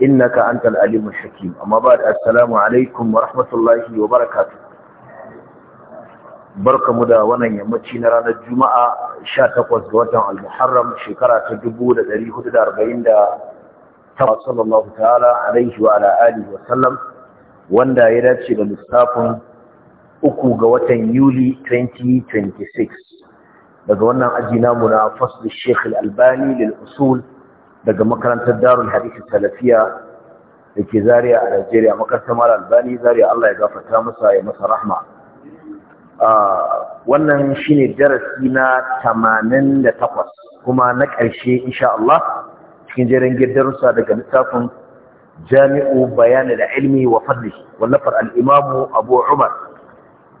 innaka antal alimul hakim amma ba da assalamu alaikum wa rahmatullahi wa barakatuh barkamu da wannan yammaci na ranar juma'a 18 ga watan al-muharram shekara ta 1440 da sallallahu ta'ala alaihi wa ala alihi wa sallam wanda ya dace da lissafin uku ga watan yuli 2026 daga wannan aji namu na fasl sheikh al-albani lil usul daga makarantar darul hadisi salafiya da ke zariya a Najeriya makarantar mara albani zariya Allah ya gafarta masa ya masa rahma ah, wannan shine darasi na 88 kuma na ƙarshe insha Allah cikin jerin gidarusa daga littafin jami'u bayani da ilmi wa fadli wallafar al Abu Umar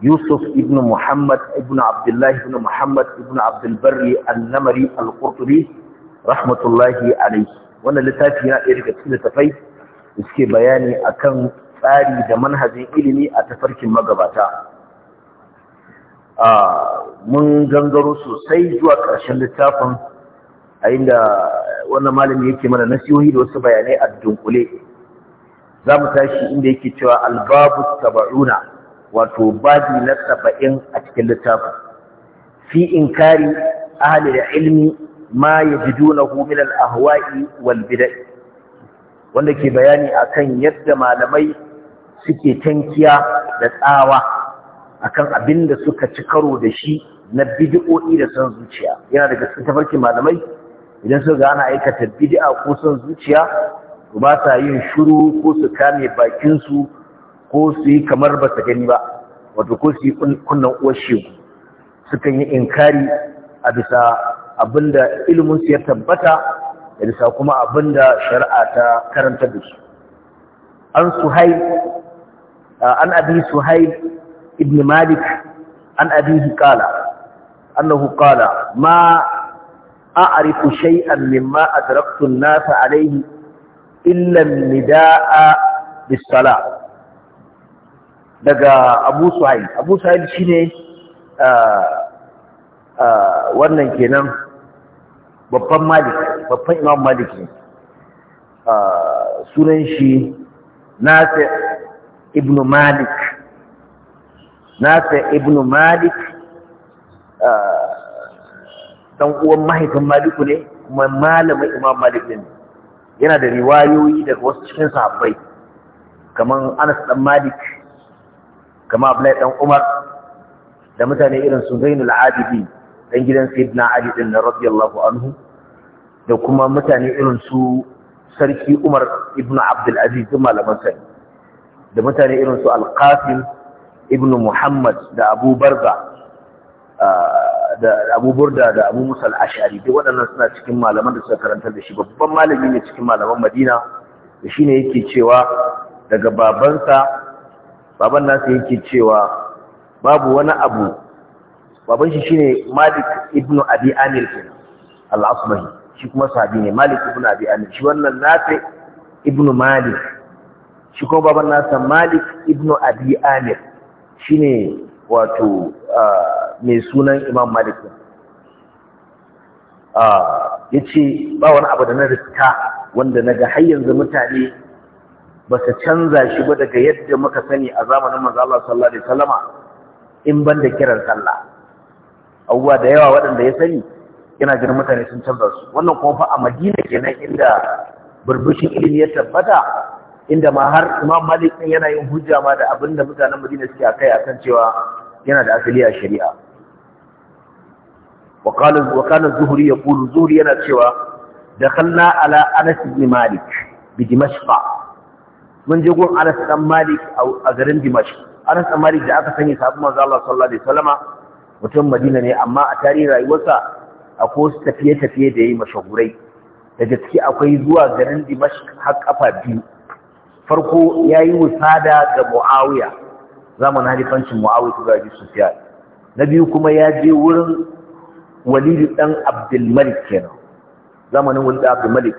Yusuf ibn Muhammad ibn Abdullah ibn Muhammad ibn Abdul Barri an-Namari al-Qurtubi rahmatullahi alaihi wannan littafi yana ɗaya daga cikin littafai da suke bayani akan tsari da manhajin ilimi a tafarkin magabata ah, mun gangaro sosai zuwa ƙarshen littafin a inda wannan malami yake mana nasihohi da wasu bayanai a dunkule za mu tashi inda yake cewa albabu saba'una wato babi na saba'in a cikin littafin fi inkari ahli da ilmi ما يجدونه من الاهواء والبدع wanda ke bayani akan yadda malamai suke tankiya da tsawa akan abin da suka ci karo da shi na bid'o'i da san zuciya yana daga cikin tafarkin malamai idan suka ga ana aikata bid'a ko san zuciya to ba sa yin shiru ko su kame bakin su ko su yi kamar ba su gani ba wato ko su yi kunnan uwar shegu sukan yi inkari a bisa abinda ilimin su ya tabbata da bisa kuma abinda shari'a ta karanta da su an suhai an abi suhai ibn malik an abihi qala annahu qala ma a'rifu shay'an mimma adraktu an-nas alayhi illa nidaa bis-salah daga Abu Suhail Abu Suhail shine wannan kenan babban malik babban imam maliki ah, sunan shi nasir ibn malik nasir ibn malik ah, dan uwan mahaifin maliku ne kuma malamin imam malik ne yana da riwayoyi daga wasu cikin sahabbai kaman anas dan malik kama abdullahi dan umar da mutane irin su zainul abidin dan gidan sayyidina ali din na radiyallahu anhu da kuma mutane irin su sarki umar Ibn abdul aziz da malaman sani da mutane irin su alqasim Ibn muhammad da abu Barda, da abu burda da abu musa al-ash'ari duk waɗannan suna cikin malaman da suka karantar da shi babban malami ne cikin malaman madina da shine yake cewa daga babansa baban nasa yake cewa babu wani abu baban shi shine Malik ibn Abi Amir kenan al-Asbahi shi kuma sahabi ne Malik ibn Abi Amir shi wannan Nafi ibn Malik shi kuma baban nasa Malik ibn Abi Amir shine wato mai sunan Imam Malik ya ce ba wani abu da na rikta wanda na ga har yanzu mutane ba su canza shi ba daga yadda muka sani a zamanin manzo Allah sallallahu alaihi wasallama in ban da kiran sallah abubuwa da yawa waɗanda ya sani yana ganin mutane sun canza su wannan kuma fa a madina kenan inda burbushin ilimi ya tabbata inda ma har imam malik din yana yin hujja ma da abin da mutanen madina suke akai akan cewa yana da asali a shari'a wa qala wa kana zuhri yaqulu zuhri yana cewa dakhalna ala anas ibn malik bi dimashq mun je gun anas malik a garin dimashq anas malik da aka sanya sahabban manzo Allah sallallahu alaihi wasallama mutum madina ne amma a tarihin rayuwarsa akwai wasu tafiye-tafiye da ya yi mashahurai daga ciki akwai zuwa garin dimashq har kafa biyu farko ya yi wusada ga mu'awiya zamanin halifancin mu'awiya ta zaji sufiya na biyu kuma ya je wurin walidi dan abdulmalik kenan zamanin walidu abdulmalik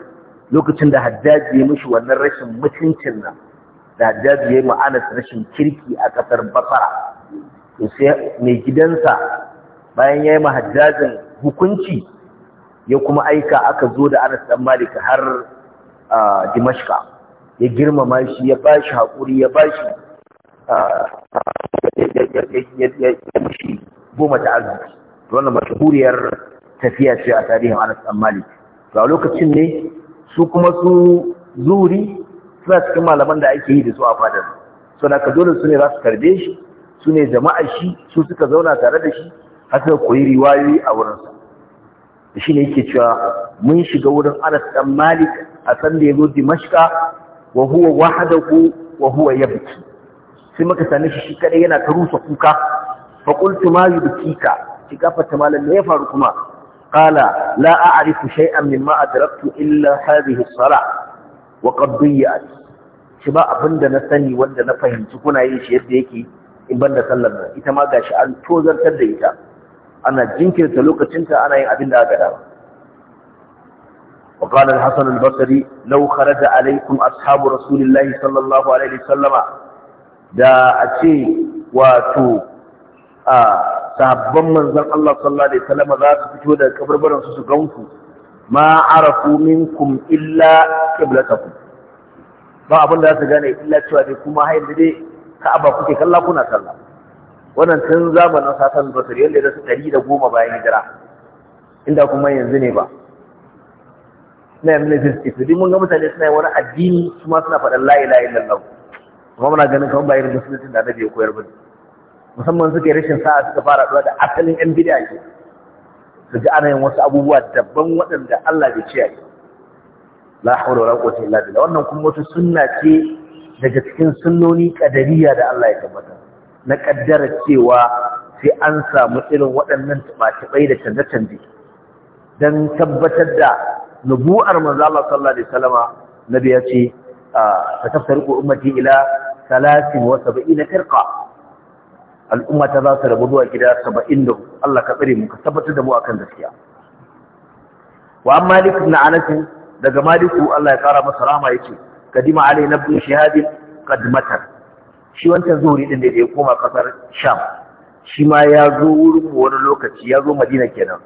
lokacin da hajjaji ya mishi wannan rashin mutuncin nan da hajjaji ya yi ma'anas rashin kirki a ƙasar basara mai gidansa bayan ya yi mahajjajin hukunci ya kuma aika aka zo da anas ɗan malik har dimashka ya girmama shi ya ba shi haƙuri ya ba shi goma ta arziki wannan mashahuriyar tafiya ce a tarihin anas ɗan malik ga lokacin ne su kuma su zuri suna cikin malaman da ake yi da su a fadar suna ka dole su ne za su karbe shi su ne jama'ar shi su suka zauna tare da shi har suka koyi riwayoyi a wurinsa da shi ne yake cewa mun shiga wurin anas dan malik a san da ya zo dimashka wa huwa wahadahu wa huwa yabki sai muka sani shi shi kadai yana ta rusa kuka fa qultu ma yubkika ki gafarta malam me ya faru kuma qala la a'rifu shay'an mimma adraktu illa hadhihi as-salah wa qad shi ba abinda na sani wanda na fahimci kuna yin shi yadda yake in banda sallar nan ita ma gashi an tozartar da ita ana jinkirta lokacinta ana yin abin da aka dawo وقال الحسن البصري لو خرج عليكم أصحاب رسول الله صلى الله عليه وسلم دا أتي واتو sahabban manzon Allah sallallahu alaihi wasallam za su fito daga kabarbaran su su gamsu, ma arafu minkum illa qiblatakum ba abin da za su gane illa cewa dai kuma hayar dai ka'aba kuke kalla kuna sallah wannan tun zamanin satan basir yadda da su ɗari da goma bayan hijira inda kuma yanzu ne ba na yanzu ne fiske su mun ga mutane suna yi wani addini su ma suna faɗin layi layi lallahu kuma muna ganin kamar bayan musuluncin da annabi ya koyar ba musamman suke rashin sa'a suka fara ɗuwa da asalin yan bid'a ke su ji ana yin wasu abubuwa daban waɗanda Allah bai ciyaye la hawla wala quwwata illa billah wannan kuma wata sunna ce daga cikin sunnoni ƙadariya da Allah ya tabbata na ƙaddara cewa sai an samu irin waɗannan tumatubai da canje-canje don tabbatar da nubu'ar manzo Allah sallallahu alaihi wasallama nabi ya ce ta tafsirku ummati ila 73 firqa al'umma ta za su rabu zuwa gida 70 Allah ka tsare mu ka tabbatar da mu akan gaskiya wa amma malik ibn anas daga maliku Allah ya kara masa rahama yace kadima na ibn shihab qadmatan shi wancan zuhuri din da ya koma kasar sham shi ma ya zo wurin wani lokaci ya zo madina kenan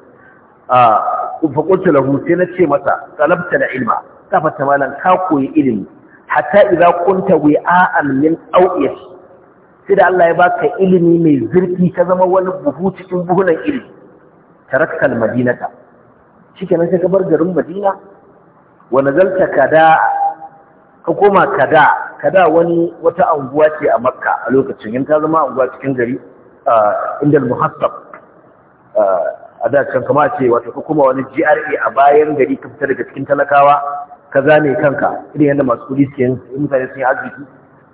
a fakulta lahu sai na ce masa talabta da ilma ta fata malan ka koyi ilimi hatta idza kunta wi'a'an min awiyat sai da Allah ya baka ilimi mai zurfi ka zama wani buhu cikin buhunan ilimi tarakta al-madinata shikenan sai ka bar garin madina wa nazalta kada'a ka koma kada kada wani wata anguwa ce a makka a lokacin yin ta zama anguwa cikin gari inda muhassab a da can kama ce wata ka koma wani gra a bayan gari ka fita daga cikin talakawa ka zane kanka irin yadda masu kudi suke yin mutane sun yi arziki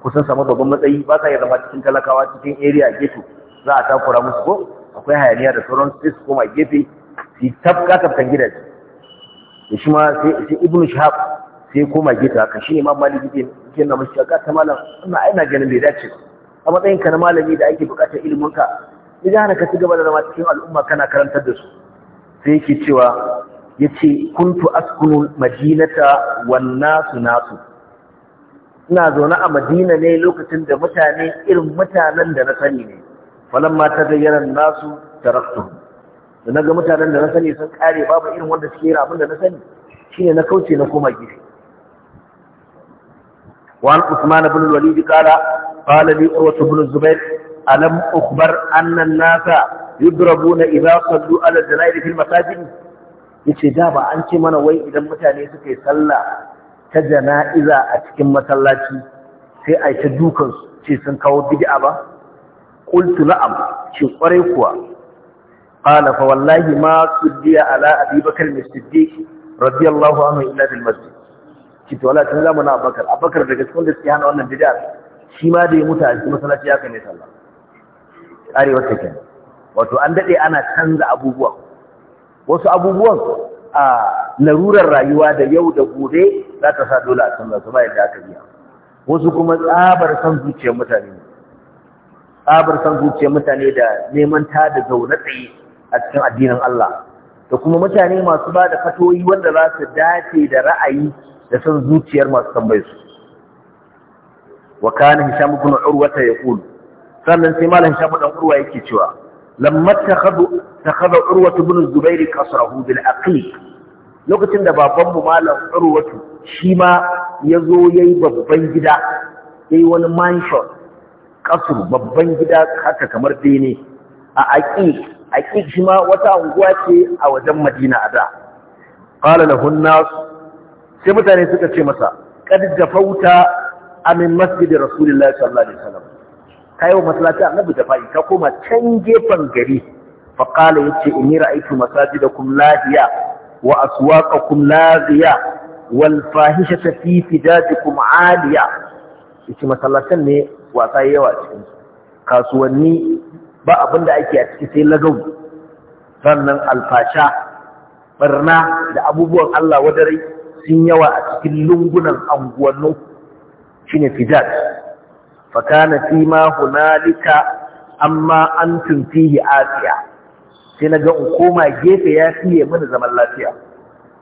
kusan samu babban matsayi ba sa yi zama cikin talakawa cikin area gefe za a takura musu ko akwai hayaniya da sauran sai su koma gefe su yi tafka tafkan gidaje da shi ma sai ibnu shahab sai koma gita ka shi imam maliki ke gina mashi shaka ta malam ina aina ganin bai dace a matsayin ka na malami da ake bukatar ilimin ka idan ka ci gaba da zama cikin al'umma kana karantar da su sai yake cewa yace kuntu askunu madinata wan nasu nasu ina zaune a madina ne lokacin da mutane irin mutanen da na sani ne falamma ta gayyara nasu tarakto. da naga mutanen da na sani sun kare babu irin wanda suke yi abin da na sani shine na kauce na koma gidi. وعن عثمان بن الوليد قال قال لي عروة بن الزبير ألم أخبر أن الناس يضربون إذا صلوا على الجنائز في المساجد yace da ba an ce mana wai idan mutane suka yi sallah ta jana'iza a cikin masallaci sai a ta dukan ce sun kawo bid'a ba qultu na'am ce kwarai kuwa qala fa wallahi ma sudiya ala abi bakr as-siddiq radiyallahu anhu illa kitola to zamu tun zamanin Abubakar Abubakar daga cikin da suke hana wannan bid'a shi ma da ya mutu a cikin masallaci ya kai sallah arewa take wato an dade ana canza abubuwa wasu abubuwan a larurar rayuwa da yau da gobe za ta sa dole a canza su ba yadda aka biya wasu kuma tsabar san zuciyar mutane tsabar san zuciyar mutane da neman ta da zaune tsaye a cikin addinin Allah da kuma mutane masu ba da fatoyi wanda za su dace da ra'ayi da san zuciyar masu tambayar su wa kana hisham ibn urwa ta yaqulu sannan sai malam hisham dan urwa yake cewa lamma takhadu takhada urwa ibn zubair kasrahu bil aqiq lokacin da baban mu malam urwatu shi ma yazo yayi babban gida yayi wani mansion kasru babban gida haka kamar dai ne a aqiq aqiq shi ma wata unguwa ce a wajen madina a da qala lahu nas sai mutane suka ce masa kad jafauta amin masjidi rasulullahi sallallahu alaihi wasallam kai wa masallaci annabi da fa'i ka koma can gefen gari fa qala yace inni ra'aytu masajidakum lahiya wa aswaqakum laziya wal fahishata fi fidatikum aliya yace masallacin ne wasa yawa cikin kasuwanni ba abinda ake a ciki sai lagau sannan alfasha barna da abubuwan Allah wadarai sun yawa a cikin lungunan anguwannin shine fidat fakana fi ma hunalika amma an tuntihi afiya sai na ga in koma gefe ya fiye mana zaman lafiya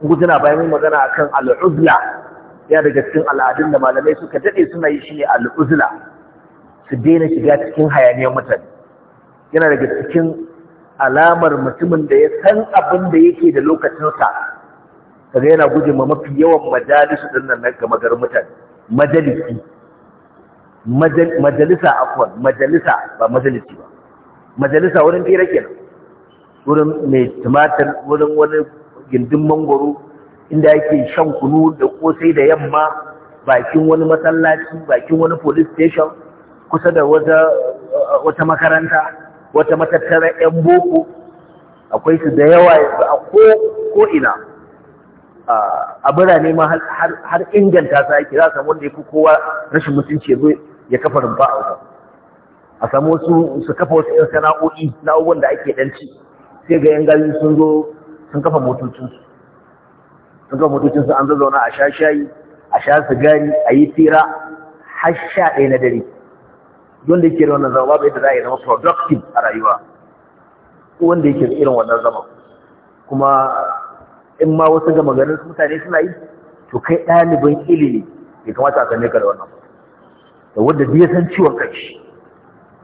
in tana bayan mai magana akan al'uzla ya daga cikin al'adun da malamai suka daɗe suna yi ne al'uzla su daina shiga cikin hayaniyar mutane yana daga cikin alamar mutumin da ya san abin da yake da lokacinsa kaga yana guje ma mafi yawan majalisu din nan ga magar mutane majalisi majalisa afwan majalisa ba majalisi ba majalisa wurin fira kenan wurin mai tumatir wurin wani gindin mangoro inda yake shan kunu da kosai da yamma bakin wani masallaci bakin wani police station kusa da wata wata makaranta wata matattara yan boko akwai su da yawa a ko ko ina a birane ma har inganta sa yake za a samu wanda ya fi kowa rashin mutunci ya ya kafa rumfa a wajen a samu wasu su kafa wasu yan sana'o'i na abubuwan da ake ɗanci sai ga yan gari sun zo sun kafa motocinsu sun kafa motocinsu an zazzauna a sha shayi a sha sigari a yi tsira har sha ɗaya na dare don da yake da wannan zama babu yadda za a yi zama productive a rayuwa wanda yake irin wannan zama kuma in ma wasu gama ganin mutane suna yi to kai ɗalibin ilimi ne kamata a sanne ka da wannan da wadda biya san ciwon shi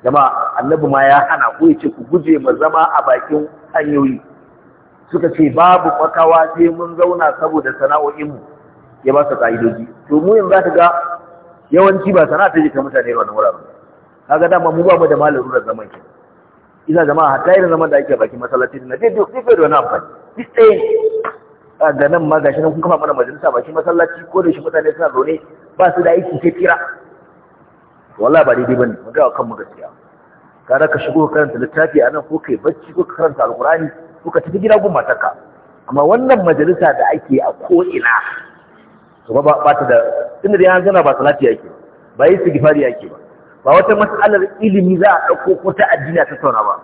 jama'a annabi ma ya hana ko ya ce ku guje ma zama a bakin hanyoyi suka ce babu makawa sai mun zauna saboda sana'o'inmu ya ba su ka'idoji to mu yanzu za ka ga yawanci ba sana'a ta jika mutane wannan wuraren kaga dama mu ba mu da malamin rurar zaman ki ina jama'a hatta irin zaman da ake bakin masallaci na je duk sai da wani amfani duk tsaye ga nan ma gashi nan kun kafa mana majalisa ba shi masallaci ko da shi mutane suna zaune ba su da aiki sai kira wallahi ba daidai bane mu ga kan mu gaskiya kada ka shigo karanta littafi a nan ko kai bacci ko ka karanta alqur'ani ko ka tafi gida gumma taka amma wannan majalisa da ake a ko ina to ba ba ta da inda dai an zana ba salati yake ba yi sigifari yake ba ba wata mas'alar ilimi za a dauko ko ta addini ta tauna ba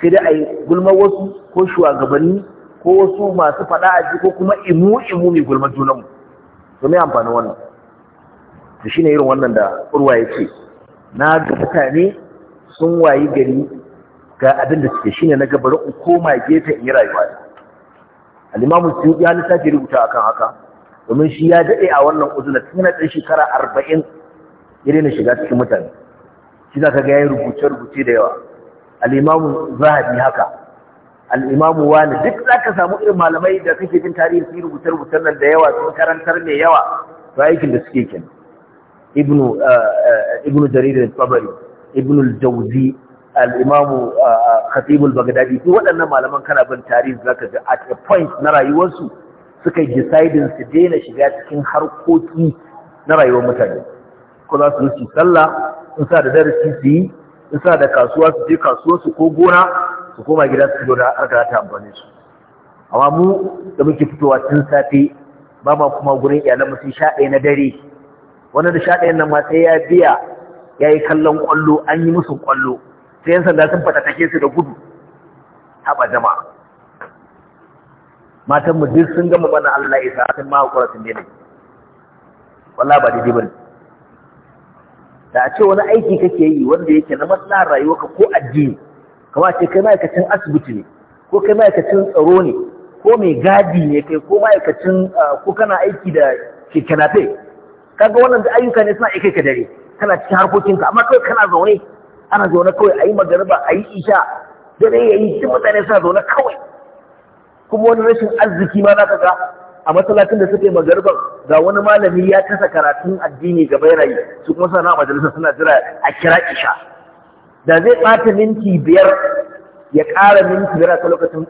sai dai ai gulmar wasu ko shugabanni ko wasu masu faɗa a ji ko kuma imu imu mai gulmar junanmu su mai amfanin wannan shi ne irin wannan da urwa ya ce na ga mutane sun wayi gari ga abin da suke shine na gabarin in koma gefe in yi rayuwa ne. Alimamu su ya lissafi rubuta akan haka domin shi ya daɗe a wannan uzula tun na ɗan shekara arba'in ya na shiga cikin mutane shi za ka ga ya rubuce-rubuce da yawa za a zahabi haka al'imamu wani duk za ka samu irin malamai da kake bin tarihin su yi rubuce-rubucen nan da yawa sun karantar mai yawa su da suke kin eh, eh, ibnu jarir al-tabari ibnu al-jawzi eh, khatibul bagdadi su waɗannan malaman kana bin tarihi za ka ga at a point na rayuwarsu suka yi su daina shiga cikin harkoki na rayuwar mutane ko za su yi sallah in sa da darasi su yi in sa da kasuwa su je kasuwarsu ko gona su koma gida su zo da harka ta amfani su amma mu da muke fitowa tun safe ba ma kuma gurin iyalan mu sun sha ɗaya na dare Wannan da sha nan ma sai ya biya ya yi kallon ƙwallo an yi musu ƙwallo sai yan sanda sun take su da gudu haɓa jama'a matan mu duk sun gama bana Allah isa sun ma hakura sun daina wallahi ba daidai bane da a ce wani aiki kake yi wanda yake na maslahar rayuwarka ko addini kama ce kai ma'aikacin asibiti ne ko kai ma'aikacin tsaro ne ko mai gadi ne kai ko ma'aikacin ko kana aiki da kekanafe kaga wannan da ayyuka ne suna aikai ka dare kana cikin harkokinka amma kawai kana zaune ana zaune kawai a yi magariba a yi isha dare ya yi duk mutane suna zaune kawai kuma wani rashin arziki ma za ka a masallacin da suke magarban ga wani malami ya kasa karatun addini gaba yana yi su kuma suna majalisar suna jira a kira isha da zai ɓata minti biyar ya ƙara minti biyar a lokacin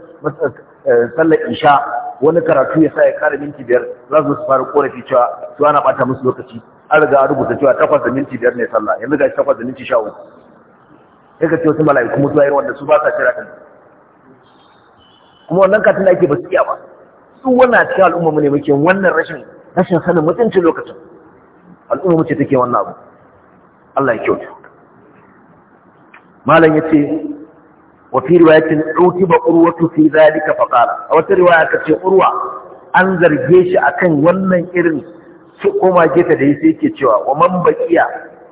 eh, sallar isha wani karatu ya sa ya ƙara minti biyar za su su fara ƙorafi cewa su ana ɓata musu lokaci an riga a rubuta cewa takwas da minti biyar ne sallah yanzu ga takwas da minti sha uku sai ka ce wasu mala'iku kuma su wanda su ba sa shira kan kuma wannan katin da ake ba su iya ba su wannan a cikin al'umma mu ne muke wannan rashin rashin sanin mutuncin lokacin al'umma mu ce take wannan abu Allah ya kyauta malam ce, wa fi ba utiba tu fi zalika fa a wata riwaya ta ce urwa an zarge shi akan wannan irin su koma gefe da yake yake cewa wa man baqiya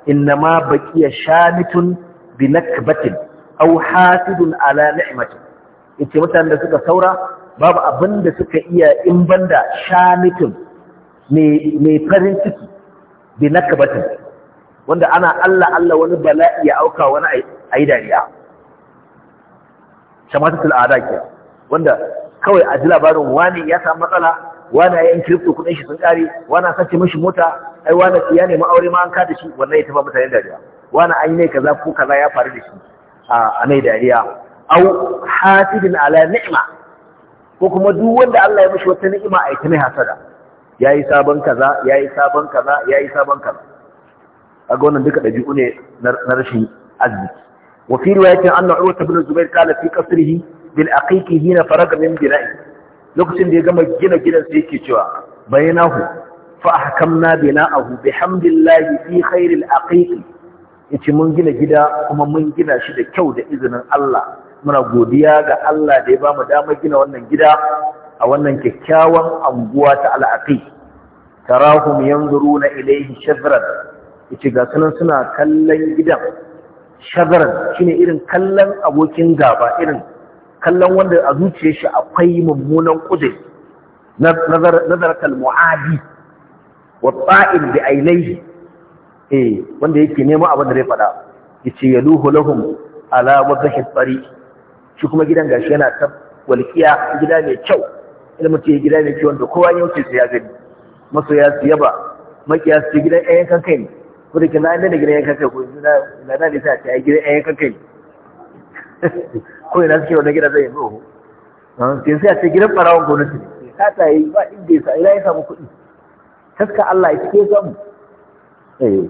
innama baqiya shamitun bi nakbatin aw hasidun ala ni'matin yace mutanen da suka saura babu abin da suka iya in banda shamitun mai farin ciki bi nakbatin wanda ana Allah Allah wani bala'i ya auka wani a yi dariya shamatatul a ke wanda kawai a ji labarin wani ya samu matsala wani ya yi kiripto kudin shi sun kare wani a sace mashi mota ai wani ya nemi aure ma an kada shi wannan ya taba mutane dariya wani an yi ne kaza ko kaza ya faru da shi a mai dariya au hasidin ala ni'ima ko kuma duk wanda Allah ya mishi wata ni'ima a ita mai hasada yayi sabon kaza yayi sabon kaza yayi sabon kaza kaga wannan duka dabi'u ne na rashin arziki وفي رواية أن عروة بن الزبير قال في قصره بالأقيق هنا فرق من بنائه لقسم دي قمت جنة جنة سيكي شوى بينه فأحكمنا بناءه بحمد الله في خير الأقيق yace mun gina gida kuma mun gina shi da kyau da izinin Allah muna godiya ga Allah da ya ba mu damar gina wannan gida a wannan kyakkyawan anguwa ta al'aqi tarahum yanzuruna ilayhi shadran yace ga sunan suna kallon gidan shi ne irin kallon abokin gaba irin kallon wanda a zuciya shi akwai mummunan kudai nazar kalmu'adi wa tsa'in da ainihi eh wanda yake neman abin da zai faɗa yace yaluhu lahum ala wajhi tsari shi kuma gidan gashi yana ta walƙiya gida mai kyau ilmi ce gida mai kyau wanda kowa ya wuce su ya gani masoya su yaba makiya su gidan ɗayan kai-kai ne kuma na an da gidan yankan kai ko na da nisa ce ai gidan yankan kai ko ina suke wannan gidan zai zo kin ah, sai a ce gidan barawon gwamnati ta ka ta yi ba inda ya sa ina ya samu kuɗi taska Allah ya cike zamu eh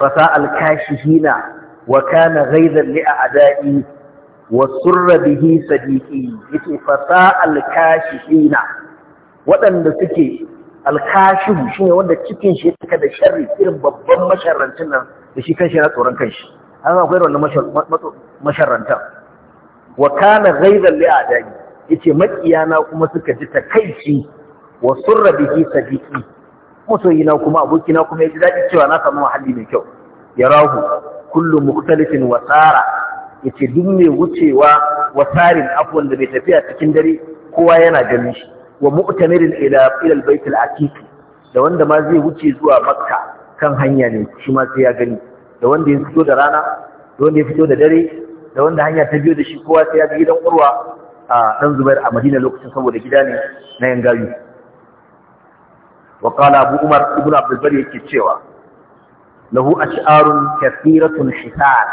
fasa kashihina wa kana ghaizan li a'da'i wa surra bihi sadiqi yace fasa kashihina waɗanda suke alkashihu shine wanda cikin shi yake da sharri irin babban masharrancin nan da shi kanshi yana tsoron kanshi an akwai wannan masharrantan wa kana ghaizan li adai yace makiyana kuma suka ji takaici wa surra bihi sadiqi masoyina kuma abokina kuma ya ji daɗi cewa na samu mahalli mai kyau yarahu kullu mukhtalifin wa tsara yace duk mai wucewa wa tsarin afwan da bai tafiya cikin dare kowa yana ganin shi wa mu'tamirin ila ilal a atiq da wanda ma zai wuce zuwa makka kan hanya ne shi ma sai ya gani da wanda ya fito da rana da wanda ya fito da dare da wanda hanya ta biyo da shi kowa sai ya ga gidan urwa a dan zubair a madina lokacin saboda gida ne na yan gayu wa qala abu umar ibn abd yake cewa lahu ash'arun kathiratun hisan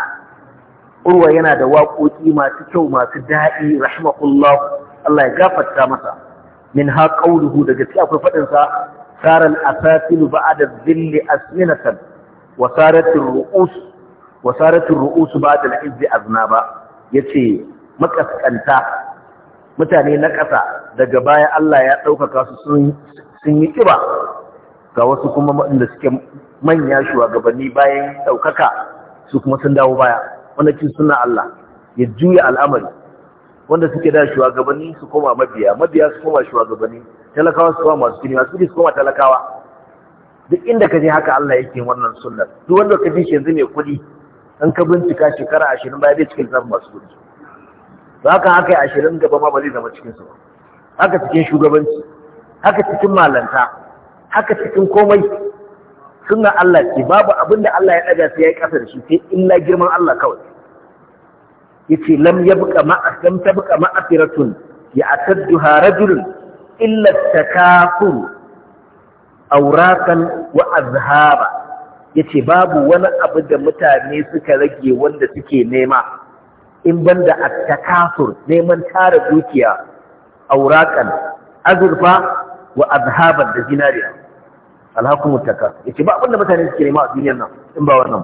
urwa yana da waƙoƙi masu kyau masu daɗi rahimahullah Allah ya gafarta masa min ha qawluhu daga ci akwai faɗinsa? sa sara al-asasilu ba'da Zille asminatan wa sarat wa sarat ar-ru'us ba'da yace makaskanta mutane na ƙasa daga baya Allah ya ɗaukaka su sun yi ƙiba. ga wasu kuma waɗanda suke manya shugabanni bayan ɗaukaka su kuma sun dawo baya wanda cin suna Allah ya juya al'amari wanda suke da shugabanni su koma mabiya mabiya su koma shugabanni talakawa su koma masu kini masu kini su koma talakawa duk inda ka je haka Allah yake wannan sunnar duk wanda ka bi shi yanzu mai kuɗi an ka bincika shekara ashirin baya zai cikin zama masu kuɗi ba ka haka ashirin gaba ma ba zai zama cikin su haka cikin shugabanci haka cikin malanta haka cikin komai sunna Allah ce babu abin da Allah ya ɗaga sai ya yi ƙasa da shi sai illa girman Allah kawai yace lam yabqa ma'a lam tabqa ma'firatun ya'tadduha rajulun illa takafur auratan wa azhaba yace babu wani abu da mutane suka rage wanda suke nema in banda at-takafur neman tara dukiya auratan azurfa wa azhaban da zinariya alhakumut takasur yace ba abin da mutane suke nema a duniyar nan in ba wannan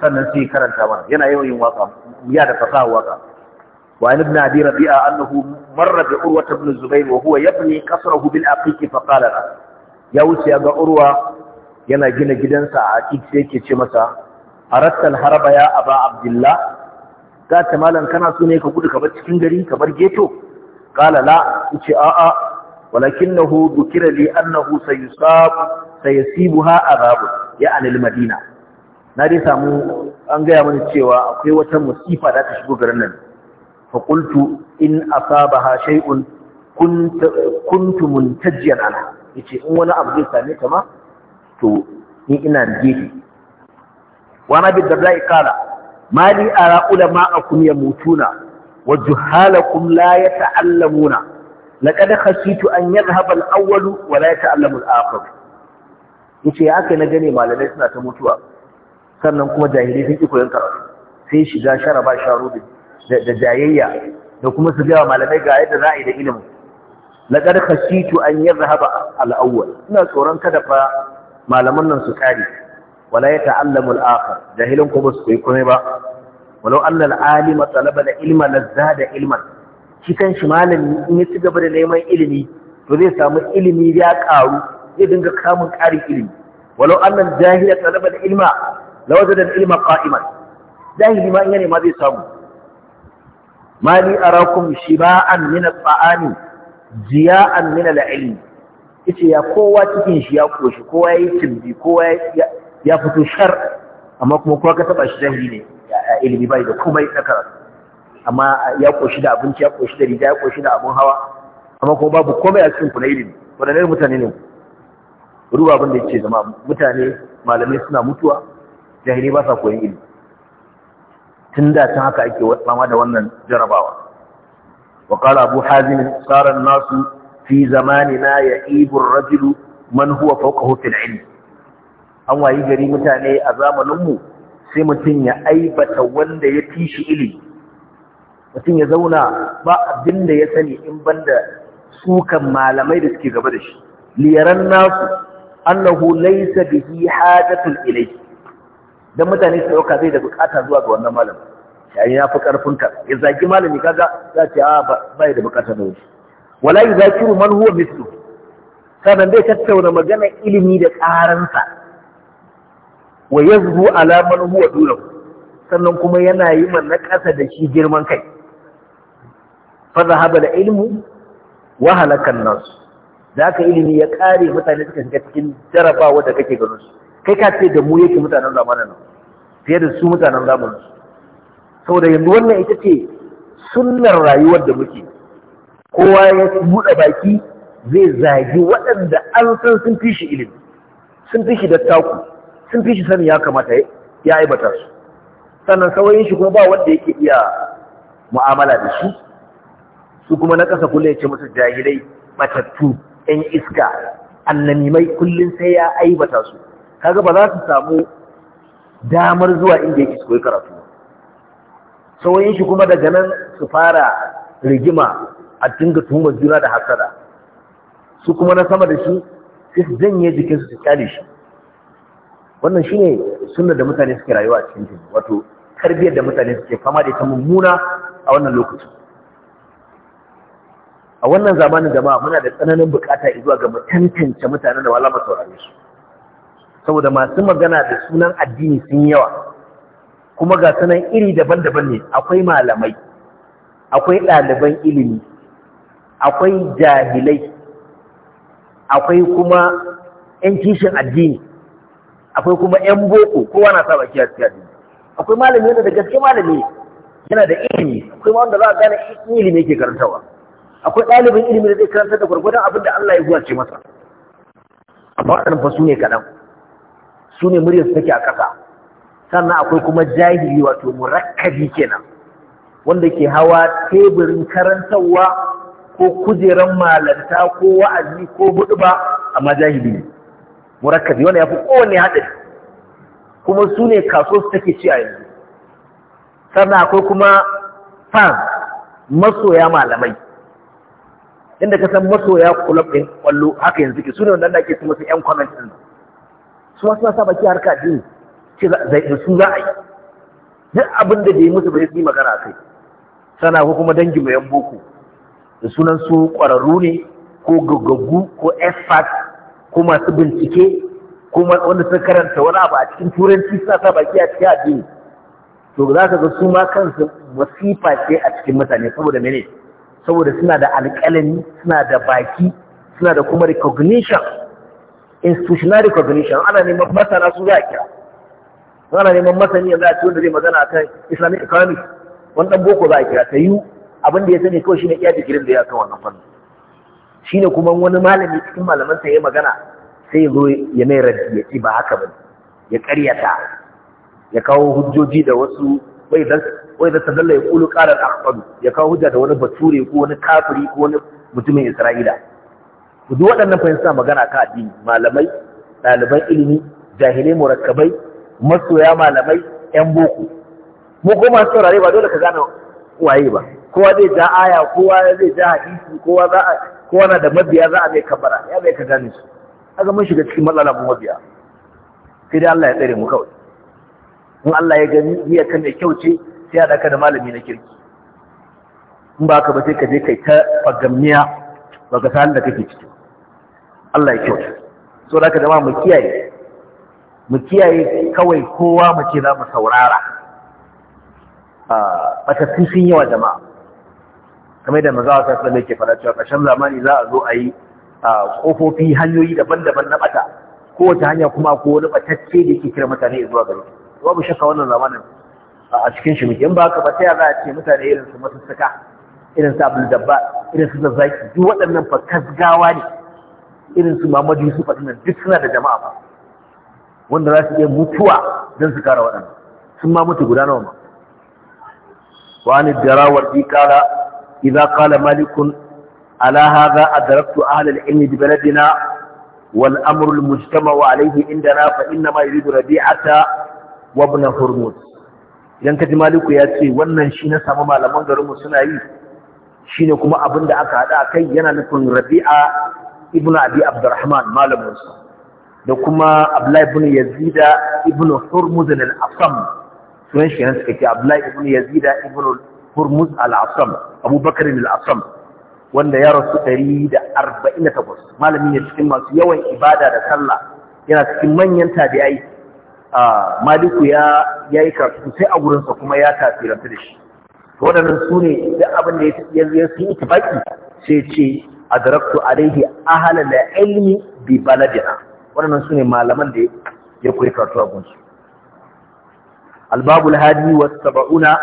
sannan yi karanta mana yana yawan yin waka ya da fasaha waka wa ibn abi rabi'a annahu marra bi urwa ibn zubayr wa huwa yabni qasrahu bil aqiq fa qala ya wuce ga urwa yana gina gidansa a aqiq sai yake ce masa aratta al harba ya aba abdullah ka ta malan kana so ne ka gudu ka bar cikin gari ka bar geto qala la yace a a walakinahu dukira li annahu sayusab sayasibuha azab ya anil madina na dai samu an gaya mani cewa akwai wata musifa da ta shigo garin nan fa qultu in ha shay'un kuntu muntajiyan ana yace in wani abu zai same ta ma to ni ina gefe wa na bi a qala mali ara ulama akum yamutuna wa juhalakum la yata'allamuna laqad khashitu an yadhhaba al-awwal wa la yata'allamu al-akhir ya haka na gane malamai suna ta mutuwa sannan kuma jahili sun iko yanka sai shiga sharaba sharu da jayayya da kuma su gaya malamai ga yadda za a yi da ilimin laƙar khashitu an yi rahaba al'awwal ina tsoron kada fa malaman nan su kare wala ya ta'allamu al'akhar Jahilin ko ba su koyi komai ba walau anna al'alima talaba da ilma lazzada ilman shi kan shi malami in ya ci gaba da neman ilimi to zai samu ilimi ya karu zai dinga kamun ƙarin ilimi walau anna jahila talaba da ilma lawajada al-ilma qa'iman jahili ma yana ma zai samu mali arakum shiba'an min al-qa'ani jiya'an min al-ilm yace ya kowa cikin shi ya koshi kowa yayi timbi kowa ya fito shar amma kuma kowa ka taba shi jahili ne ilimi bai da komai na karatu amma ya koshi da abinci ya koshi da riga ya koshi da abun hawa amma kuma babu komai a cikin ku na ilimi wadannan mutane ne ruwa abin da yake zama mutane malamai suna mutuwa Jahili ba sa koyon ilimi tun da tun haka ake fama da wannan jarabawa wa qala abu hazim sara nasu fi zamanina ya'ibu ar-rajulu man huwa fawqahu fil ilm an wayi gari mutane a zamanin mu sai mutum ya aibata wanda ya tishi ilimi mutum ya zauna ba abinda ya sani in banda sukan malamai da suke gaba da shi liyaran nasu annahu laysa bihi hajatul ilayhi don mutane su ɗauka, zai da bukata zuwa ga wannan malam. yayin ya fi ƙarfin ka ya zaki malami kaga za ce ah, a bai da bukata da wani wala yuzakiru man huwa mithlu Sannan zai tattauna magana ilimi da ƙaransa wa yanzu ala man huwa dunan, sannan kuma yana yi man na ƙasa da shi girman kai fa zahaba da ilmu wa halakan nas da ka ilimi ya kare mutane suka shiga cikin jarabawa da kake ganin su kai ka ce da mu yake mutanen zamanin nan fiye da su mutanen zamanin su saboda yanzu wannan ita ce sunnar rayuwar da muke kowa ya buɗe baki zai zagi waɗanda an san sun fi shi ilimi sun fi shi taku sun fi shi sani ya kamata ya aibata su sannan saurayin shi kuma ba wanda yake iya mu'amala da shi su kuma na ƙasa kullum ya ce masa jahilai matattu 'yan iska annanimai kullum sai ya aibata su kaga ba za su samu damar zuwa inda yake koyi karatu sauyin shi kuma daga nan su fara rigima a dinga tuhumar juna da hasada su kuma na sama da shi sai su janye jikinsu su kyale shi wannan shine sunna da mutane suke rayuwa a cikin jini wato tarbiyyar da mutane suke fama da ita mummuna a wannan lokaci a wannan zamanin jama'a muna da tsananin bukata zuwa ga mu tantance mutanen da wala masaurare su saboda masu magana da sunan addini sun yawa kuma ga sunan iri daban-daban ne akwai malamai akwai ɗaliban ilimi akwai jahilai akwai kuma 'yan kishin addini akwai kuma 'yan boko kowa na sa baki a cikin akwai malami wanda da gaske malami yana da ilimi akwai wanda za a gane ilimi yake karantawa akwai ɗalibin ilimi da zai karanta da gwargwadon abin da Allah ya huwace masa amma waɗannan fa su ne kaɗan su ne muryar su take a ƙasa sannan akwai kuma jahili wato murakkabi kenan wanda ke hawa teburin karantarwa ko kujeran malanta ko wa'azi ko ba amma jahili ne murakkabi wanda ya fi kowane haɗari kuma su ne kaso su take ci a yanzu sannan akwai kuma fan masoya malamai inda ka san masoya kulab ɗin ƙwallo haka yanzu ke su ne wanda ake su masu 'yan comment su su ma suna sa baki harka addini ce da su za yi duk abin da yi musu bai yi magana kai sana ko kuma dangin mai boko da sunan su ƙwararru ne ko gaggaggu ko expert ko masu bincike ko wanda suka karanta wani abu a cikin turanci suna sa baki a cikin addini to za ka ga su ma kansu wasifa ce a cikin mutane saboda mene saboda suna da alƙalami suna da baki suna da kuma recognition institutional recognition ana neman masana su za a kira ana neman masani yanzu a cikin da zai magana kan islamic economics wani dan boko za a kira ta yi abin da ya sani kawai shine iya digirin da ya kan wannan fannin shine kuma wani malami cikin malaman ya magana sai ya zo ya mai raddi ya ci ba haka ba. ya karyata ya kawo hujjoji da wasu wai dan wai da tadalla ya kulu qala al ya kawo hujja da wani bature ko wani kafiri ko wani mutumin isra'ila duk waɗannan fahimta magana kan addini malamai ɗaliban ilimi jahilai murakkabai masoya malamai yan boko mu ko masu saurare ba dole ka gane waye ba kowa zai ja aya kowa zai ja hadisi kowa za a kowa na da mabiya za a mai kabara ya bai ka gane su ga mun shiga cikin matsala mu mabiya sai dai Allah ya tsare mu kawai in Allah ya gani iya kan da kyau ce sai ya daka da malami na kirki in ba ka ba sai ka je kai ta fagamniya ba ka san da kake ciki Allah ya kyauta so da aka zama mu kiyaye mu kiyaye kawai kowa mu ce za mu saurara ah, matattun sun yawa jama'a kamar da maza wasa sallallahu ke fara cewa ƙarshen zamani za a zo a yi ah, ƙofofi hanyoyi daban-daban na bata kowace hanya kuma ko wani batacce da yake kira mutane zuwa gari mu shakka wannan zamanin a cikin shi muke in ba ka ba ta za a ce mutane irin su saka, irin su abin dabba irin su zazzaki duk waɗannan fa kasgawa ne irin su Muhammadu Yusuf nan duk suna da jama'a ba wanda za su iya mutuwa don su kara waɗannan sun ma mutu guda nawa ma wa ani darawar bi kala idza qala malikun ala hadha adraktu ahla al-ilmi bi baladina wal amru al-mujtama wa alayhi indana fa inna ma yuridu rabi'ata wa ibn hurmuz idan kaji maliku ya ce wannan shi na samu malaman garinmu suna yi shine kuma abin da aka hada kai yana nufin rabi'a ibn abi abdurrahman malamin sa da kuma abdullahi ibn yazida ibn hurmuz al-asam sunan shi ne suka ce abdullahi ibn yazida ibn hurmuz al-asam abubakar al-asam wanda ya rasu 148 malami ne cikin masu yawan ibada da sallah yana cikin manyan tabi'ai ah, maliku ya yi karatu sai a gurinsa kuma ya tafiranta da shi To su ne da abin da ya zai su ita baki sai ce adraktu alaihi la ilmi bi baladina wannan sune malaman da ya koyi karatu a gunsu albabul hadi wa sab'una